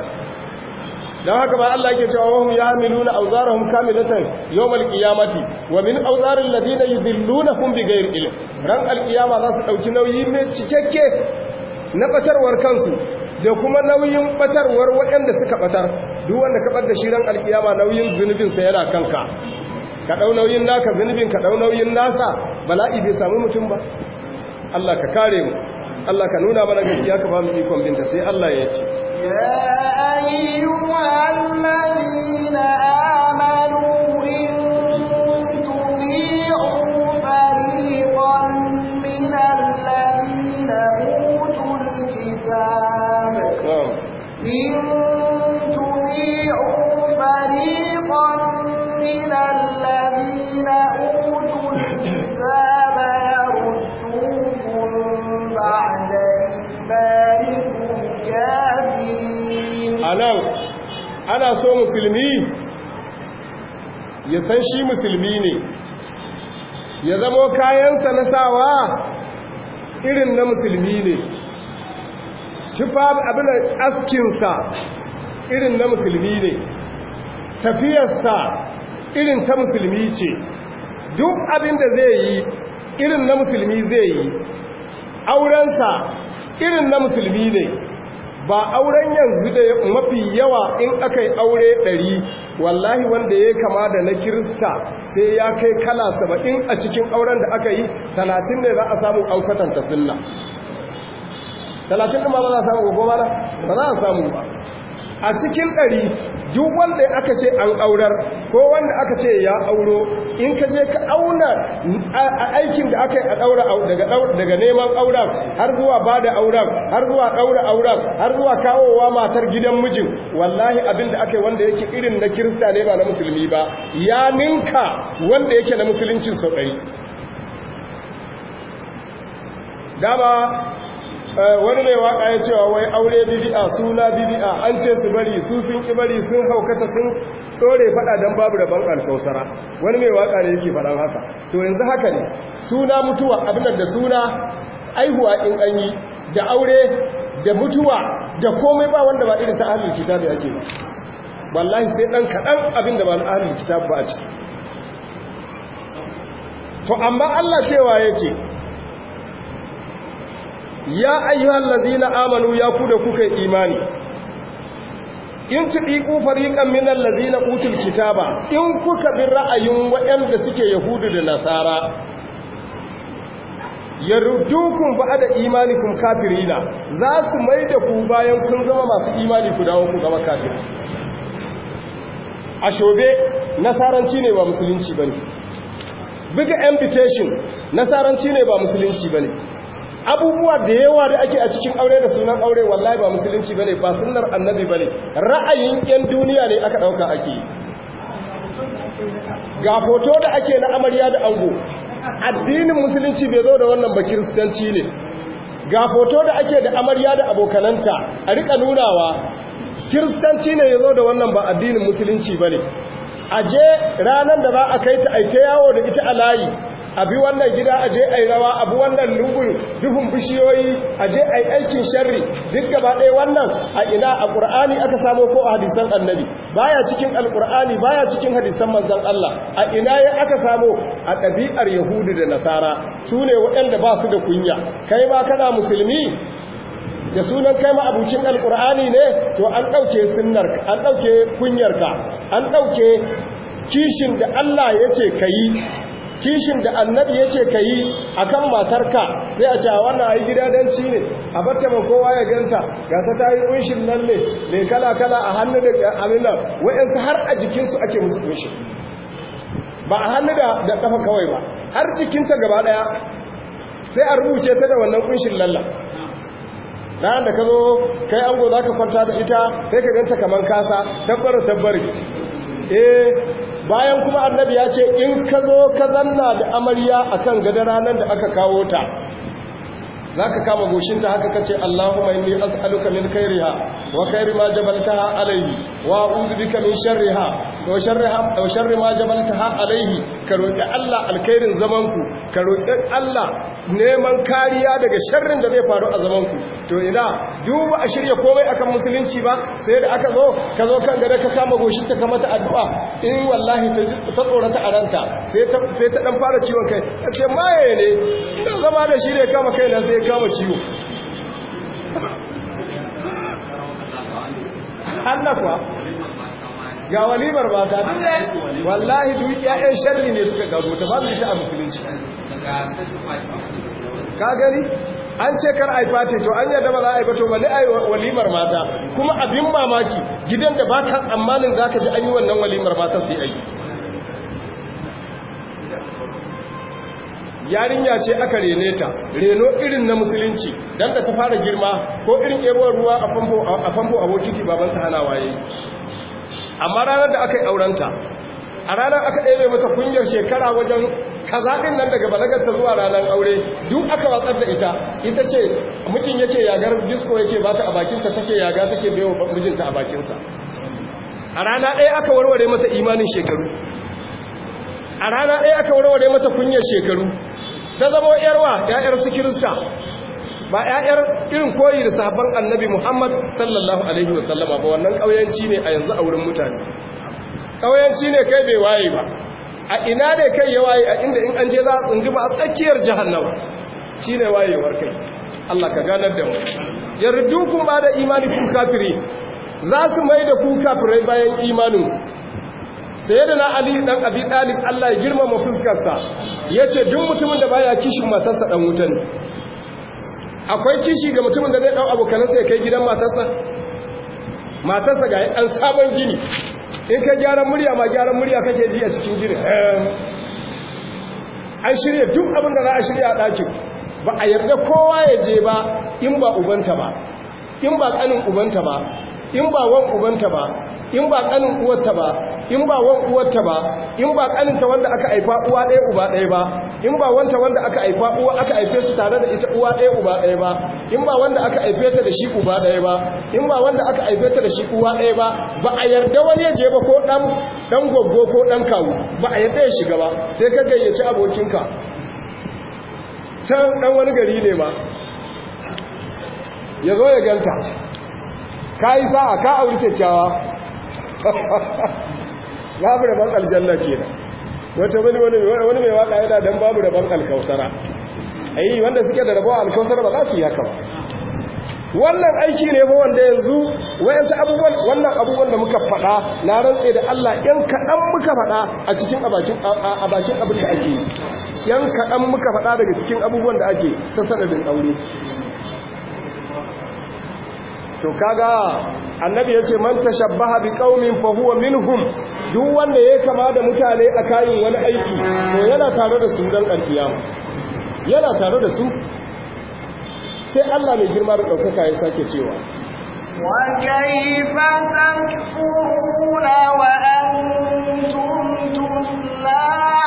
don haka ba Allah yake cewa wahum ya awzarahum kamilatan yawmal qiyamati wa min awzar alladhina yudillunahum bighayr ilm ran alqiyama za su dauki nauyi ne cikakke na batarwar kansu da kuma nauyin batarwar waɗanda suka batar duk wanda ka da shi ran alkiyama nauyin zunubinsa yana kanka ka ɗau nauyin naka zunubin ka ɗau nauyin nasa bala'i bai samu mutum ba Allah ka kare mu Allah ka nuna mana gaskiya ka ba mu ikon binta sai Allah ya ce ya ayyuhal ladina ana so musulmi ya san shi musulmi ne ya zamo kayansa na sawa irin na musulmi ne cifa abin askinsa irin na musulmi ne tafiyarsa irin ta musulmi ce duk abin da zai yi irin na musulmi zai yi aurensa irin na musulmi ne ba auren yanzu da mafi yawa in aka yi aure ɗari wallahi wanda ya kama da na kirista sai ya kai kala saba'in a cikin auren da aka yi talatin ne za a samu aukatan tafilla talatin ɗin ba za a samu ba ba za a samu ba a cikin ɗari duk wanda aka ce an aurar ko wanda aka ce ya auro in ka je ka auna a aikin da aka yi a ɗaura daga neman auren har zuwa ba da auren har zuwa ɗaura auren har zuwa kawowa matar gidan mijin wallahi abin da aka yi wanda yake irin na kirista ne ba na musulmi ba ya ninka wanda yake na musuluncin sau ɗari dama Eh, wani mai waka ya cewa wai aure bibi'a suna bibi'a an ce su bari su sun ki bari sun haukata sun dore fada don babu da ban alkausara wani mai waka ne yake faɗan haka to yanzu haka ne suna mutuwa abin da suna aihuwa in an yi da aure da mutuwa da komai ba wanda ba irin ta ahlul kitabu ake ba wallahi sai dan kadan abin da ba ahalin kitabu ba a ciki to amma Allah cewa yake ya ayyuhal lazina amanu ya ku da kuka imani in ku fariqan minan lazina utul kitaba in kuka bi ra'ayin wa'anda suke yahudu da nasara ya rudukun ba da imanikun kafirina za su mai da ku bayan kun zama masu imani ku dawo ku zama kafir a shobe nasaranci ne ba musulunci ba ne buga invitation nasaranci ne ba musulunci ba ne abubuwa da yawa da ake a cikin aure da sunan aure wallahi ba musulunci bane ba sunnar annabi bane ra'ayin yan duniya ne aka dauka ake ga hoto da ake na amarya da ango addinin musulunci bai zo da wannan ba kiristanci ne ga hoto da ake da amarya da abokananta a rika nunawa kiristanci ne ya zo da wannan ba addinin musulunci bane aje ranar da za a kai ta aita yawo da ita a layi abi wannan gida a je ai rawa abu wannan lungun duhun bishiyoyi a je ai aikin sharri duk gaba ɗaya wannan a ina a ƙur'ani aka samo ko a hadisan annabi baya cikin alƙur'ani baya cikin hadisan manzon Allah a ina ya aka samo a ɗabi'ar yahudu da nasara su ne waɗanda ba su da kunya kai ma kana musulmi da sunan kai ma abucin alkur'ani ne to an ɗauke sunnar an ɗauke kunyarka an ɗauke kishin da Allah ya ce ka yi kishin da annabi yake ce ka yi a kan matarka sai a ce wannan a yi danci ne a batta ma kowa ya ganta ga ta ta yi kunshin nan ne mai kala-kala a hannu da abin har a jikinsu ake musu kunshi ba a hannu da kafa kawai ba har jikinta gaba daya sai a rubuce ta da wannan kunshin lalla ranar da ka zo kai ango za ka kwanta da ita sai ka ganta kamar kasa tabbara tabbari eh bayan kuma annabi ya ce in ka zo ka zanna da amarya a kan gada ranar da aka kawo ta za ka kama goshinta haka kace Allahumma inni as'aluka min khairiha wa khairi ma jabaltaha alayhi wa a'udhu bika min sharriha wa sharriha wa sharri ma jabaltaha alayhi ka roki Allah alkhairin zaman ku ka roki Allah neman kariya daga sharrin da zai faru a zamanku to ina duk a shirya komai akan musulunci ba sai da aka zo ka zo kan gare ka kama goshi eh, ta kamata addu'a in wallahi ta tsorata a aranta sai ta dan fara ciwon kai ta ce maye ne ina zama da shi ne kama kai na sai kama ciwo [laughs] Allah kuwa ga walimar mata wallahi duk ƴaƴan sharri ne suka gado ta su ita a musulunci ka gani an ce kar ai ce, to an yadda ba za a yi wani a walimar mata kuma abin mamaki gidan da ba ka tsammanin za ka ji an yi wannan walimar mata sai ai yarinya ce aka rene ta reno irin na musulunci dan da ta fara girma ko irin ebo ruwa a famfo a famfo babansa bokiti baban hana waye amma ranar da aka yi aurenta a ranar aka ɗaya mata kunyar shekara wajen kazaɗin nan daga balagarta zuwa ranar aure duk aka watsar da ita ita ce mutum yake yagar disko yake ba ta a bakinta take yaga take bewa mijinta a bakinsa a rana ɗaya aka warware mata imanin shekaru a rana ɗaya aka warware mata kunyar shekaru ta zama yarwa ya'yar su kirista ba 'ya'yar irin koyi da sahabban annabi Muhammad sallallahu alaihi wasallama ba wannan ƙauyanci ne a yanzu a wurin mutane ƙauyanci ne kai bai waye ba a ina ne kai ya waye a inda in an je za a ba a tsakiyar jahannama ne wayewar kai Allah ka ganar da mu yardukum ba da imani kun kafiri za su mai da ku kafirai bayan imanin sai da na Ali dan Abi dalib Allah ya girmama fuskarsa ce duk mutumin da baya kishin matarsa dan wuta ne akwai kishi ga mutumin da zai ɗau abokanansa ya kai gidan matarsa matarsa ga ɗan sabon gini in ka gyaran murya ma gyaran murya kake ji a cikin gini ehm. an shirya duk abin da za a shirya a ɗakin ba a yarda kowa ya je ba in ba ubanta ba in ba ƙanin ubanta ba in ba wan ubanta ba in ba kanin uwarta ba in ba wan uwarta ba in ba kaninta wanda aka haifa uwa ɗaya uba ɗaya ba in ba wanta wanda aka haifa uwa aka haife su tare da ita uwa ɗaya uba ɗaya ba in ba wanda aka haife ta da shi uba ɗaya ba in ba wanda aka haife ta da shi uwa ɗaya ba ba a yarda wani ya je ba ko dan dan goggo ko dan kawu ba a yarda ya shiga ba sai ka gayyaci abokinka can dan wani gari ne ma ya zo ya ganta ka yi sa'a ka auri kyakkyawa babu [laughs] rabon aljanna kenan wata wani wani mai waka yana don babu rabon alkausara yi wanda suke da rabon alkausara ba za su yi haka ba wannan aiki ne ba wanda yanzu wayansu abubuwan wannan abubuwan da muka faɗa na rantse da Allah yan kaɗan muka faɗa a cikin abakin abin da ake yan kaɗan muka faɗa daga cikin abubuwan da ake ta sanadin aure to kaga annabi ya ce man tashabbaha bi qaumin fa huwa minhum duk wanda ya kama da mutane a kayan wani aiki to yana tare da su dan alkiyama yana tare da su sai Allah mai girma da daukaka ya sake cewa wa kayfa takfuruna wa antum tusla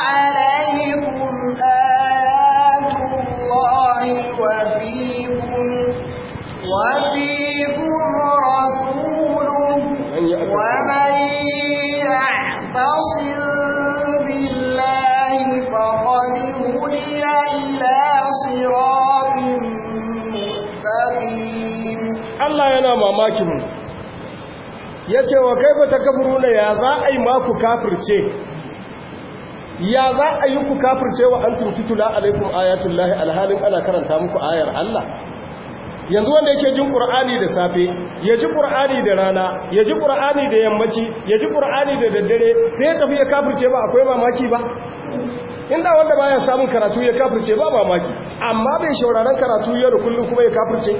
mamakin ya ce wa kai ba ta kaburuna ya za a yi maku kafirce ya za a yi ku kafirce wa an na alaikun ayatun lahi alhalin ana karanta muku ayar Allah yanzu wanda yake jin ƙur'ani da safe ya ji ƙur'ani da rana ya ji ƙur'ani da yammaci ya ji ƙur'ani da daddare sai ya tafi ya kafirce ba akwai mamaki ba inda wanda baya samun karatu ya kafirce ba mamaki amma bai shauraran karatu yau da kullum kuma ya kafirce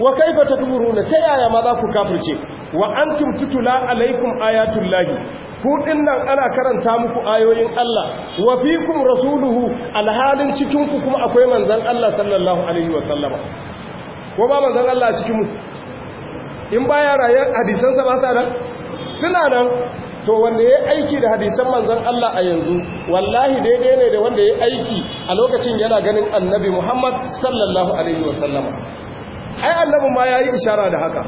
wa kaifa takfuruna ta yaya ma za ku kafirce wa antum tutula alaikum ayatul lahi ku dinnan ana karanta muku ayoyin Allah wa fikum rasuluhu alhalin cikin ku kuma akwai manzon Allah sallallahu alaihi wa sallama ko ba manzon Allah cikin mu in baya rayar hadisan sa ba sa da? suna nan to wanda ya aiki da hadisan manzan Allah a yanzu wallahi daidai ne da wanda ya aiki a lokacin yana ganin annabi Muhammad sallallahu alaihi wa sallama ai annabi ma yayi ishara da haka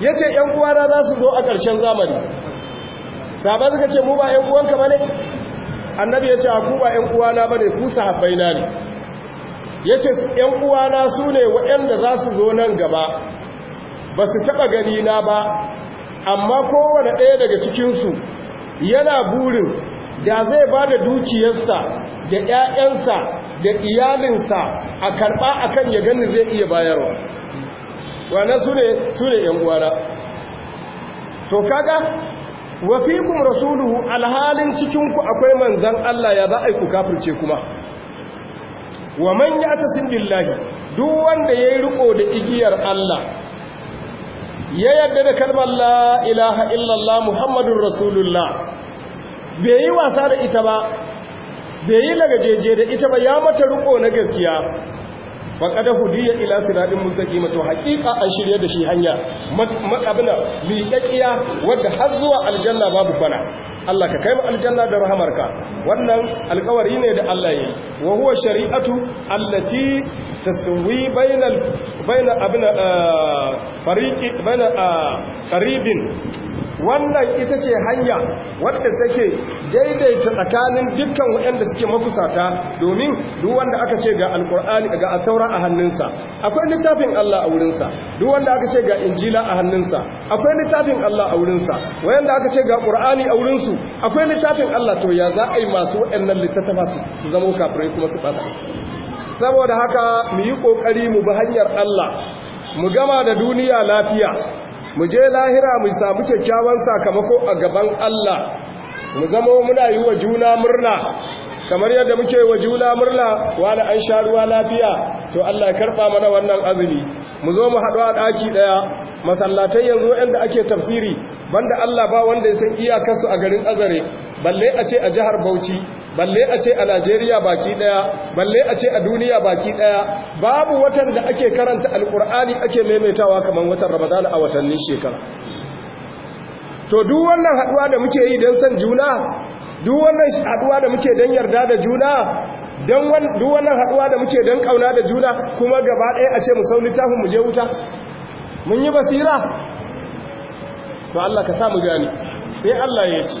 yace ƴan uwana za su zo a ƙarshen zamani sahabbai suka ce mu ba ƴan uwanka bane annabi yace a ku ba ƴan uwana bane ku sahabbai na ne yace ƴan uwana sune waɗanda za su zo nan gaba ba su taɓa gani na ba amma kowane ɗaya daga cikin su yana burin da zai ba da dukiyarsa da ‘ya'yansa da iyalinsa a karɓa akan ya gani zai iya bayarwa wannan su ne su ne ‘yan uwana to kaga wafikun rasuluhu alhalin cikinku akwai manzan Allah ya za a yi ku kafirce kuma wa man ya ta duk wanda ya yi riko da igiyar Allah ya yadda da kalmar la ilaha illallah muhammadun rasulullah bai yi wasa da ita ba bai yi lagajeje da ita ba ya mata riko na gaskiya faƙada ya ila sirarin musaƙi mato haƙiƙa an shirya da shi hanya matsabina liƙaƙiya wadda har zuwa aljanna babu bana Allah ka kai mu aljanna da rahamarka wannan alƙawari ne da Allah yi wa huwa shari'atu allati taswi bainal baina abina eh, fariqi eh, qaribin wannan ita ce hanya wadda take daidaita tsakanin dukkan waɗanda suke makusata domin duk wanda aka ce ga alkur'ani ga asaura a hannunsa akwai littafin Allah a wurinsa duk wanda aka ce ga injila a hannunsa akwai littafin Allah a wurinsa wanda aka ce ga qur'ani a wurinsu akwai littafin Allah to ya za a yi masu waɗannan littattafa su zama kafirai kuma su bada saboda haka mu yi kokari mu bi hanyar Allah mu gama da duniya lafiya mu je lahira mu samu kyakkyawan sakamako a gaban Allah mu zama muna yi wa juna murna kamar yadda muke wa juna murna wani an sha ruwa lafiya to Allah karba mana wannan azumi mu zo mu haɗu a ɗaki ɗaya masallatai yanzu waɗanda ake tafsiri banda Allah ba wanda ya san iyakarsu a garin azare balle a ce a jihar Bauchi balle a ce a Najeriya baki daya balle a ce a duniya baki daya babu watan da ake karanta alkur'ani ake maimaitawa kamar watan Ramadan a watannin shekara to duk wannan haduwa da muke yi don san juna duk wannan haduwa da muke don yarda da juna don duk wannan haduwa da muke don kauna da juna kuma gaba ɗaya a ce mu sauni littafin mu je wuta mun yi basira to Allah ka sa mu gani sai Allah ya ce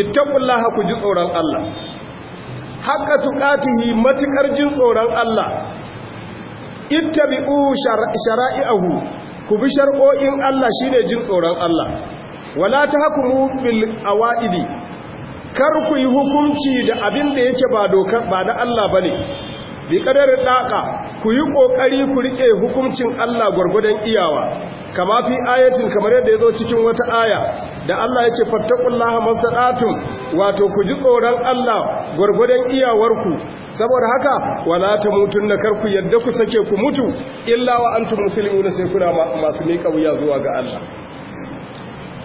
ittaqullaha ku ji tsoron Allah haqqa tuqatihi matukar jin tsoron Allah ittabi'u shara'i'ahu ku bi shar'o'in Allah shine jin tsoron Allah wala tahkumu bil awa'idi kar ku yi hukunci da abin da yake ba doka ba da Allah bane bi kadarin daka ku yi kokari ku rike hukuncin Allah gurgudan iyawa kama fi ayatin kamar yadda ya zo cikin wata aya da Allah ya ce fattakullaha masadatun wato ku ji tsoron Allah gwargwadon iyawarku saboda haka wala ta mutun na karku yadda ku sake ku mutu illa wa antum muslimuna sai kuna masu miƙa wuya zuwa ga Allah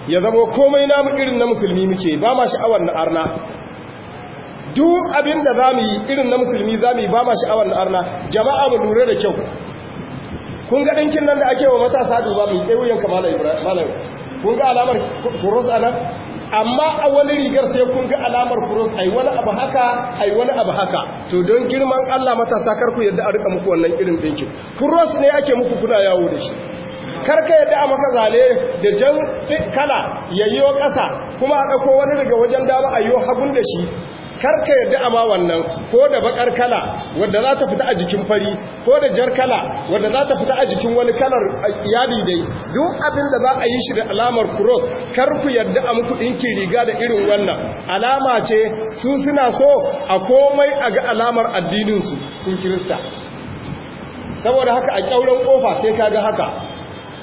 ya zama komai namu irin na musulmi muke ba ma sha'awar na arna duk abin da za mu yi irin na musulmi za yi ba ma sha'awar na arna jama'a mu lura da kyau kun ga ɗinkin nan da ake wa matasa duba mai kai wuyanka malam ibrahim kun ga alamar kuros a nan amma a wani rigar sai kun ga alamar kuros ai wani abu haka ai wani abu haka to don girman allah matasa kar ku yadda a rika muku wannan irin ɗinkin kuros ne ake muku kuna yawo da shi ka yadda a maka zane da jan kala yayyo ƙasa kuma a ɗauko wani daga wajen dama a yi hagun da shi karka yadda ama wannan ko da bakar kala wadda za ta fita a jikin fari ko da jar kala wadda za ta fita a jikin wani kalar iyali dai duk abin da za a yi shi da alamar cross kar ku yadda a muku ɗinki riga da irin wannan alama ce sun suna so a komai a ga alamar addininsu sun kirista saboda haka a ƙyauren ƙofa sai ka ga haka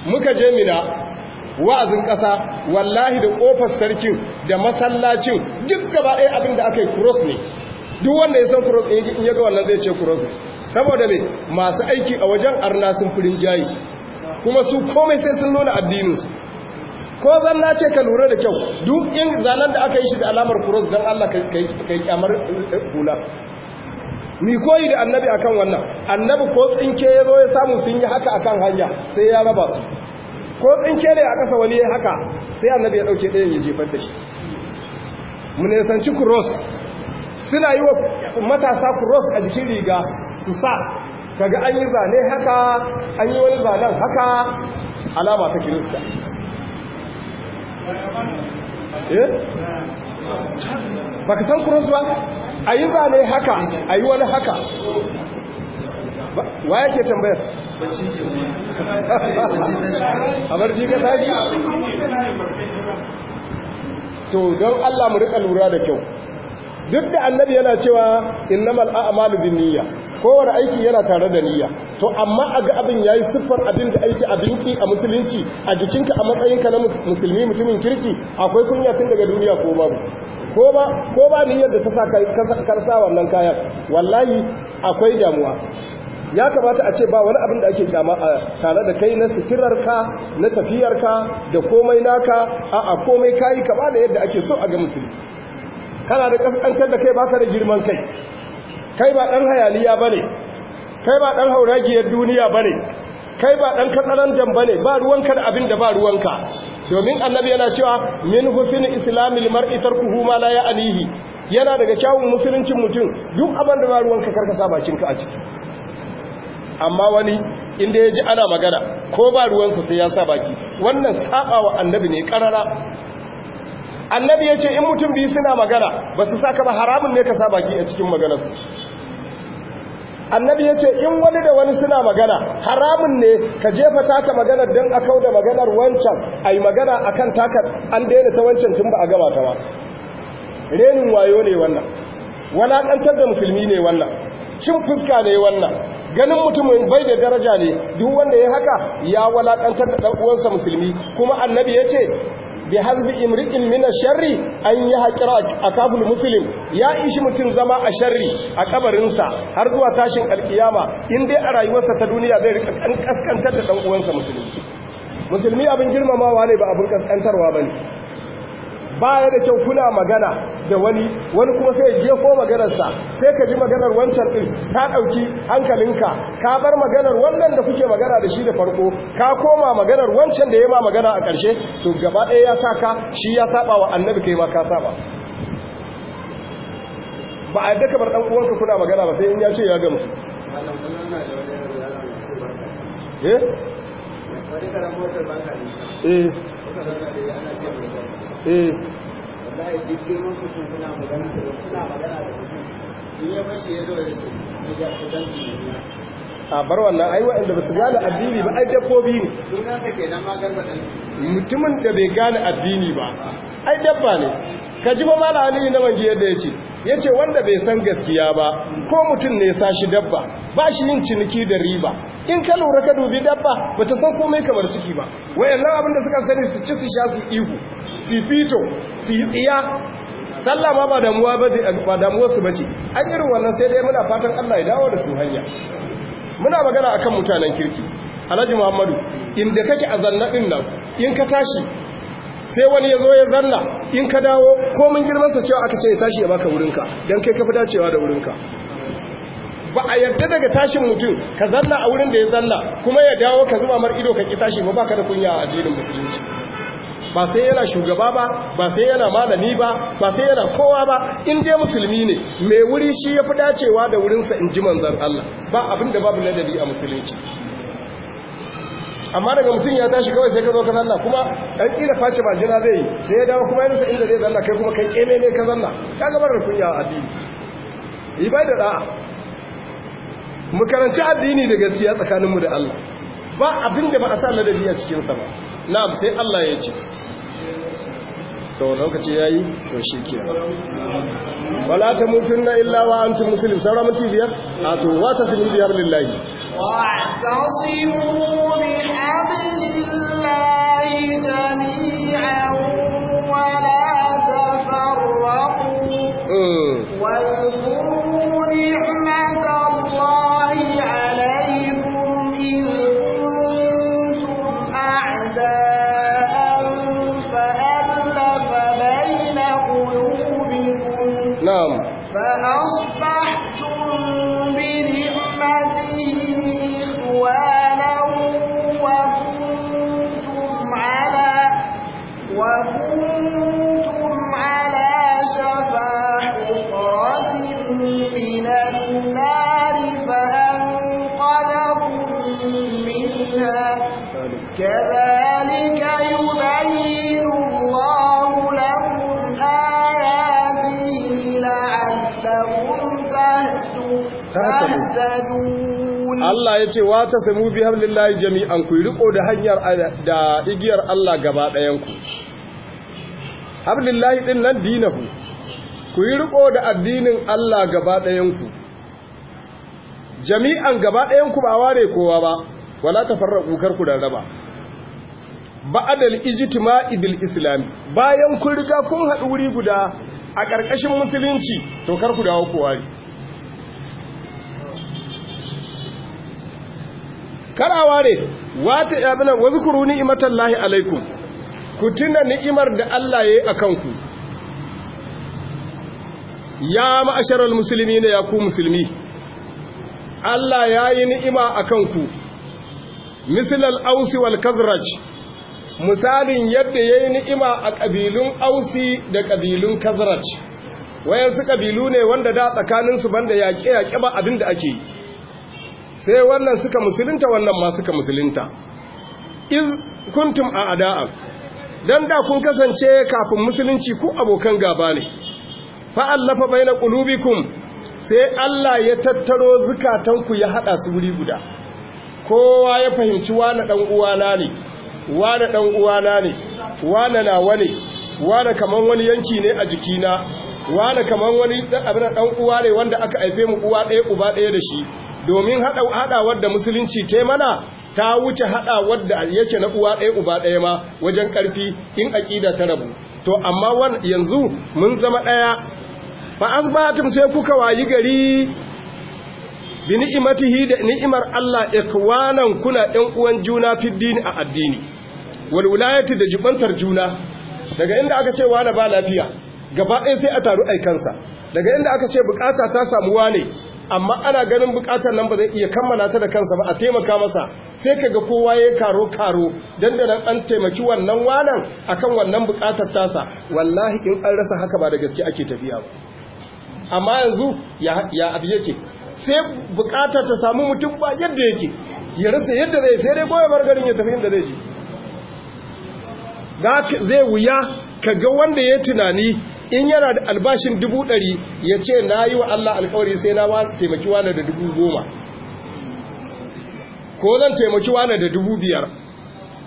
muka je mina wa'azin ƙasa wallahi da ƙofar sarkin da masallacin duk gaba ɗaya abin da aka yi cross ne duk wanda ya san cross in ya ga wannan zai ce cross ne saboda me masu aiki a wajen arna sun furin jayi kuma su komai sai sun nuna addininsu ko zan na ce ka lura da kyau duk in zanen da aka yi shi da alamar cross don Allah ka yi kyamar eh, hula mi koyi da annabi akan wannan annabi ko tsinke ya zo ya samu sun yi haka akan hanya sai ya raba su ko tsinke ne a ƙasa wani ya haka sai annabi ya ɗauke ɗayan ya jefar da shi mu nesanci cross suna yi wa matasa kuros a jikin riga su sa kaga an yi zane haka an yi wani zanen haka alama ta kirista eh? ba ka san kuros ba a yi zane haka a yi wani haka wa yake tambayar ka to don Allah mu rika lura da kyau duk da annabi yana cewa innamal a'malu niyya, kowane aiki yana tare da niyya to amma a ga abin yayi siffar abin da aiki abin ki a musulunci a jikinka a matsayinka na musulmi mutumin kirki akwai kunya tun daga duniya ko babu ko ba ko ba niyyar da ta sa ka karsa wannan kayan wallahi akwai damuwa ya kamata a ce ba wani abin da ake kyama a tare da kai na sikirarka na tafiyarka da komai naka a a komai kayi ka da yadda ake so a ga musulmi kana da kasancen da kai baka da girman kai kai ba dan hayaliya bane kai ba ɗan hauragiyar duniya bane kai ba dan katsalandan bane ba ruwanka da abin da ba ruwanka domin annabi yana cewa min husin islamil mar'i tarkuhu ma la ya'nihi yana daga kyawun musuluncin mutum duk abin da ba ruwanka karkasa bakinka a ciki amma wani inda ya ji ana magana ko ba ruwansa sai ya sa baki wannan wa annabi ne karara annabi ya ce in mutum biyu suna magana ba su saka ba haramun ne ka sa baki a cikin maganarsu annabi ya ce in wani da wani suna magana haramun ne ka jefa taka maganar don a kau da maganar wancan a yi magana a kan takar an daina ta wancan tun ba a gaba ta ba renin wayo ne wannan walaƙantar da musulmi ne wannan cin fuska ne wannan ganin mutumin bai da daraja ne duk wanda ya haka ya walakantar da ɗan'uwansa musulmi kuma annabi ya ce bi harbi imri'in mina sharri an yi haƙira a kabul musulmi ya ishi mutum zama a sharri a kabarinsa har zuwa tashin alkiyama in dai a rayuwarsa ta duniya zai rika kaskantar da ɗan'uwansa musulmi musulmi abin girmamawa ne ba abin kaskantarwa ba baya da kyau kuna magana da wani wani kuma sai je ko maganarsa sai ka ji maganar wancan din ta dauki hankalinka ka bar maganar wannan da kuke magana da shi da farko ka koma maganar wancan da ya ma magana a ƙarshe to gaba ɗaya ya saka shi ya saba wa annabi kai ma ka saba ba a yadda bar ɗan uwanka kuna magana ba sai in ya ce ya gamsu eh, eh. a bar wannan ai waɗanda ba su gane addini ba ai dabbobi ne mutumin da bai gane addini ba ai dabba ne ka ji ba mala aliyu na mangi yadda ya ce ya ce wanda bai san gaskiya ba ko mutum ne sashi dabba ba shi yin ciniki da riba in ka lura ka dubi dabba ba ta san komai kamar ciki ba wayannan abin da suka sani su ci su sha su ihu su fito su yi tsiya sallah ma ba damuwa ba ba damuwa su bace an irin wannan sai dai muna fatan Allah ya dawo da su hanya muna magana akan mutanen kirki Alhaji Muhammadu inda kake a zannadin nan in ka tashi sai wani ya zo ya zanna in ka dawo ko girman girmansa cewa aka ce ya tashi ya baka wurinka don kai ka fi dacewa da wurinka ba a yarda daga tashin mutum ka zalla a wurin da ya zalla kuma ya dawo ka zuba mar ido ka ki tashi ba baka da kunya a addinin musulunci ba sai yana shugaba ba ba sai yana malami ba ba sai yana kowa ba in dai musulmi ne mai wuri shi ya fi dacewa da wurin sa in ji manzon Allah ba abin da babu ladabi a musulunci amma daga mutum ya tashi kawai sai ka zo ka zanna kuma dan kila face ba jina zai sai ya dawo kuma yana inda zai zanna kai kuma kai keme ne ka zanna ka gabar da kunya addini ibada da mu karanci addini da gaskiya tsakaninmu da Allah ba abin da ba a sa ladabi a sa ba na sai Allah ya ce to lokaci ya yi to shi ke wala ta mutun na wa an muslim musulun saura mutu biyar a to wata su biyar lillahi bi بحبل jami'an wa la tafarraqu mm. ya ce wa ta samu bi hablillahi jami'an ku riko da hanyar da igiyar Allah gaba ɗayan ku hablillahi din nan dinahu ku yi riko da addinin Allah gaba ɗayan ku jami'an gaba ɗayan ku ba ware kowa ba wala ta tafarraqu kar ku raba ba'adal ijtima'i bil islam bayan kun riga kun haɗu wuri guda a ƙarƙashin musulunci to kar ku dawo kowa ne karawa ne wata abin wa zukuru ni'imatan lahi alaikum ku tuna ni'imar da Allah ya yi a kanku ya ma'asharar musulmi ne ya ku musulmi Allah ya yi ni'ima a kanku misalal ausi wal kazraj misalin yadda ya yi ni'ima a ƙabilun ausi da ƙabilun kazraj wayansu ƙabilu ne wanda da tsakaninsu banda yaƙe-yaƙe ba abin da ake yi sai wannan suka musulunta wannan ma suka musulunta iz kuntum a ada'a dan da kun kasance kafin musulunci ku abokan gaba ne fa'allafa baina qulubikum sai Allah ya tattaro zukatanku ya hada su wuri guda kowa ya fahimci wani dan uwana ne wani dan uwana ne wani nawa ne wani kaman wani yanki ne a jikina wani kaman wani abin dan uwa ne wanda aka haife mu uwa ɗaya uba ɗaya da shi domin haɗawar da musulunci ta mana ta wuce haɗawar da yake na uwa ɗaya uba ɗaya ma wajen ƙarfi in aƙida ta rabu to amma yanzu mun zama ɗaya ba azbatum sai kuka wayi gari bi ni'imatihi da ni'imar Allah ikwanan kuna ɗan uwan juna fi dini a addini wal wilayati da jibantar juna daga inda aka ce wani ba lafiya gaba ɗaya sai a taru aikansa daga inda aka ce bukata ta samuwa ne? amma ana ganin bukatar nan ba zai iya kammala ta da kansa ba a taimaka masa sai ga kowa ya karo karo dan da nan an taimaki wannan wanan akan wannan bukatar tasa wallahi in an rasa haka ba da gaske ake tafiya ba amma yanzu ya ya abi yake sai bukatar ta samu mutum ba yadda yake ya rasa yadda zai sai dai goyar garin ya tafi inda zai ji zai wuya ga wanda ya tunani in yana da albashin dubu ɗari ya ce na yi wa Allah alkawari sai na taimaki wane da dubu goma ko zan taimaki wane da dubu biyar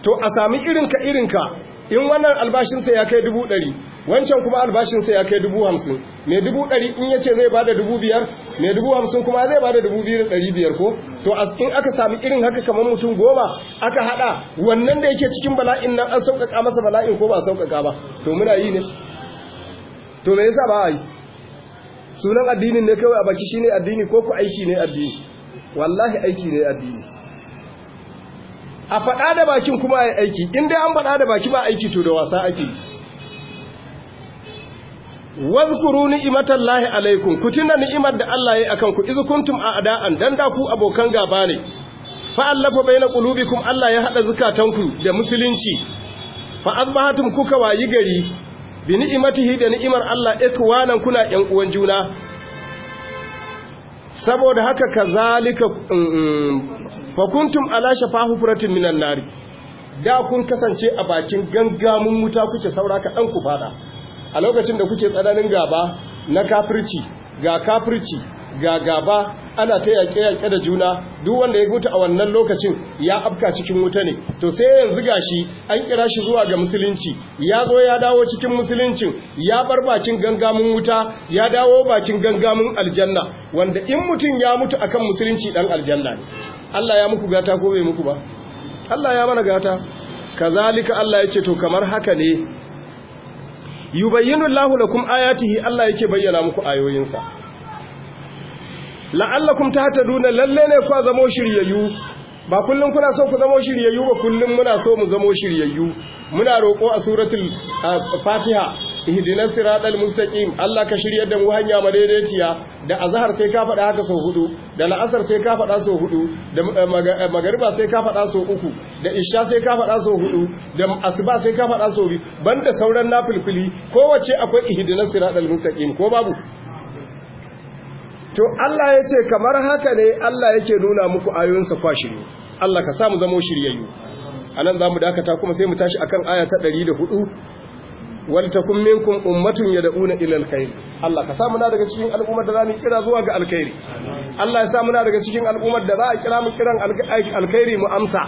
to a sami irinka irinka in wannan albashinsa ya kai dubu ɗari wancan kuma albashinsa ya kai dubu hamsin me dubu ɗari in ya ce zai bada dubu biyar me dubu hamsin kuma zai bada dubu biyar ɗari biyar ko to in aka sami irin haka kamar mutum goma aka haɗa wannan da yake cikin bala'in nan an sauƙaƙa masa bala'in ko ba a sauƙaƙa ba to muna yi ne to me yasa ba a yi sunan addinin ne kawai a baki shine addini ko ku aiki ne addini wallahi aiki ne addini a faɗa da bakin kuma a yi aiki in dai an faɗa da baki ba aiki to da wasa ake yi wazkuru ni'imatan lahi alaikum ku tuna ni'imar da Allah ya akan ku iz kuntum a'da'an dan da ku abokan gaba ne fa allafa baina qulubikum Allah ya hada zukatanku da musulunci fa azbahatum kuka wayi gari bi ni'imatihi da ni'imar Allah ikwanan kuna ƴan uwan juna saboda haka kazalika mm, mm, fa kuntum ala shafa hufratin minan nari da kun kasance a bakin gangamun wuta kuke saura kaɗan ku fada a lokacin da kuke tsananin gaba na kafirci ga kafirci Gagaba ana ta yaƙe-yaƙe da juna duk wanda ya mutu a wannan lokacin ya afka cikin wuta ne to sai yanzu gashi an kira shi zuwa ga musulunci ya zo ya dawo cikin musuluncin ya bar bakin gangamin wuta ya dawo bakin gangamin aljanna wanda in mutum ya mutu akan musulunci dan aljanna ne Allah ya muku gata ko bai muku ba Allah ya mana gata kazalika Allah ya to kamar haka ne yubayyinu Allahu lakum ayatihi Allah yake bayyana muku ayoyinsa la'allakum duna lalle ne kuwa zamo shiryayyu ba kullum kuna so ku zamo shiryayyu ba kullum muna so mu zamo shiryayyu muna roƙo a suratul fatiha ihdinas siratal mustaqim Allah ka shirya da mu hanya madaidaiciya da azhar sai ka faɗa haka sau hudu da la'asar sai ka faɗa sau hudu da eh, eh, magariba sai ka faɗa sau uku da isha sai ka faɗa sau hudu da asuba sai ka faɗa sau biyu banda sauran nafilfili kowace akwai ihdinas siratal mustaqim ko babu to Allah ya ce kamar haka ne Allah yake nuna muku ayoyinsa kwashi ne Allah ka samu zamo shiryayyu a nan za mu dakata kuma sai mu tashi a kan aya ta 104 waltakun minkum ummatun yad'una ila alkhairi. Allah ka samu na daga cikin al'ummar da za mu kira zuwa ga alkhairi Allah ya samu na daga cikin al'ummar da za a kira mu kiran alkhairi mu amsa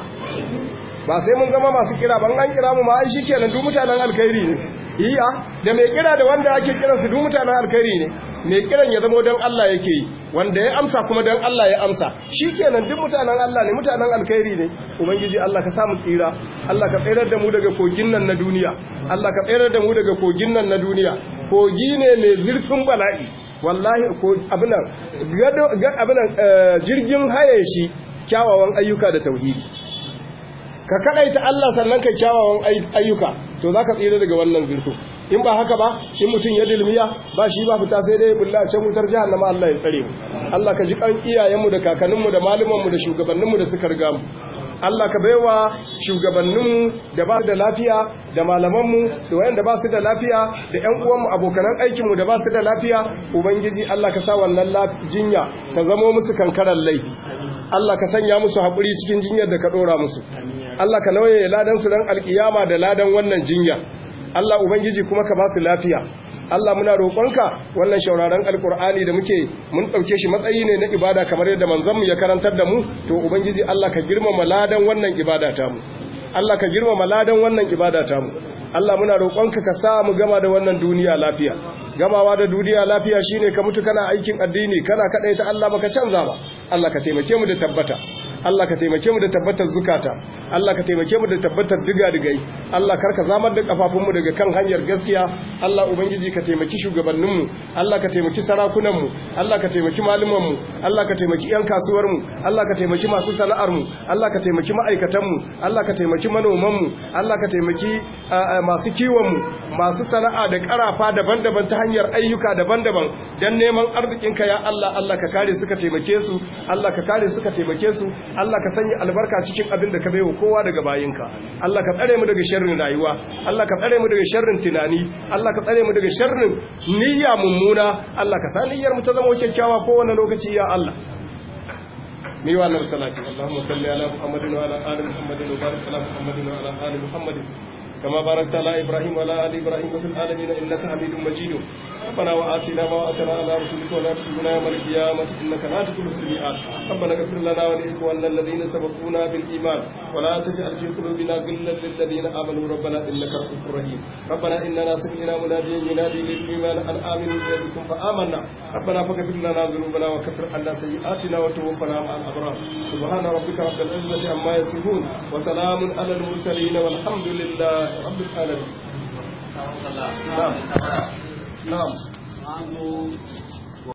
ba sai mun zama masu kira ban an kira mu ma ai shikenan duk mutanen alkhairi ne iya da mai kira da wanda ake kira su duk mutanen alkhairi ne mai kiran ya zama don Allah yake yi wanda ya amsa kuma don Allah ya amsa shi kenan duk mutanen Allah ne mutanen alkhairi ne ubangiji Allah ka samu tsira Allah ka tsayar da mu daga kogin nan na duniya Allah ka tsayar da mu daga kogin nan na duniya kogi ne mai zurfin bala'i wallahi ko abinan abinan eh, jirgin haye shi kyawawan ayyuka da tauhidi ka kadaita Allah sannan kai kyawawan ayyuka to zaka tsira daga wannan zurfin in ba haka ba in mutum ya dilmiya ba shi ba fita sai dai bulla can wutar jahannama Allah ya tsare mu Allah ka ji kan iyayenmu da kakanninmu da malumanmu da shugabanninmu da suka riga mu Allah ka baiwa shugabanninmu da ba da lafiya da malamanmu da wayanda ba su da lafiya da ƴan uwanmu abokanan mu da ba su da lafiya ubangiji Allah ka sa wannan jinya ta zamo musu kankaran laifi Allah ka sanya musu haƙuri cikin jinyar da ka ɗora musu Allah ka nauye ladan su dan alƙiyama da ladan wannan jinya Allah ubangiji kuma ka ba su lafiya Allah muna roƙonka wannan shauraren alkur'ani da muke mun ɗauke shi matsayi ne na ibada kamar yadda manzanmu ya karantar da mu to ubangiji Allah ka girmama ladan wannan ibada ta mu Allah ka girmama ladan wannan ibada ta mu Allah muna roƙonka ka sa mu gama da wannan duniya lafiya gamawa da duniya lafiya shi ne ka mutu kana aikin addini kana kaɗai ta Allah baka canza ba Allah ka taimake mu da tabbata Allah ka taimake mu da tabbatar zukata Allah ka taimake mu da tabbatar diga digai Allah ka zamar da kafafunmu daga kan hanyar gaskiya Allah ubangiji ka taimaki shugabanninmu Allah ka taimaki sarakunanmu Allah ka taimaki malumanmu Allah ka taimaki yan kasuwarmu Allah ka taimaki masu sana'armu Allah ka taimaki ma'aikatanmu Allah ka taimaki manomanmu Allah ka taimaki masu kiwonmu masu sana'a da karafa daban-daban ta hanyar ayyuka daban-daban don neman arzikinka ya Allah Allah ka kare suka taimake su Allah ka kare suka taimake su Allah ka sanya albarka cikin abin da ka baiwa kowa daga bayinka Allah ka tsare mu daga sharrin rayuwa Allah ka tsare mu daga sharrin tunani Allah ka tsare mu daga sharrin niyya mummuna Allah ka sa niyyar mu ta zama kyakkyawa kowane lokaci ya Allah mai wa Allah salati Allahumma salli ala Muhammadin wa ala ali Muhammadin wa barik ala Muhammadin wa ala ali Muhammadin كما باركت على إبراهيم وعلى آل إبراهيم في العالمين إنك حميد مجيد ربنا وآتنا ما واتنا على رسولك ولا تخزنا يوم القيامة إنك لا تخلف السيئات ربنا اغفر لنا ولإخواننا الذين سبقونا بالإيمان ولا تجعل في قلوبنا غلا للذين آمنوا ربنا إنك رؤوف رحيم ربنا إننا سمعنا مناديا ينادي للإيمان أن آمنوا بربكم فآمنا ربنا فاغفر لنا ذنوبنا وكفر عنا سيئاتنا وتوفنا مع الأبرار سبحان ربك رب العزة عما يصفون وسلام على المرسلين والحمد لله لله رب العالمين نعم نعم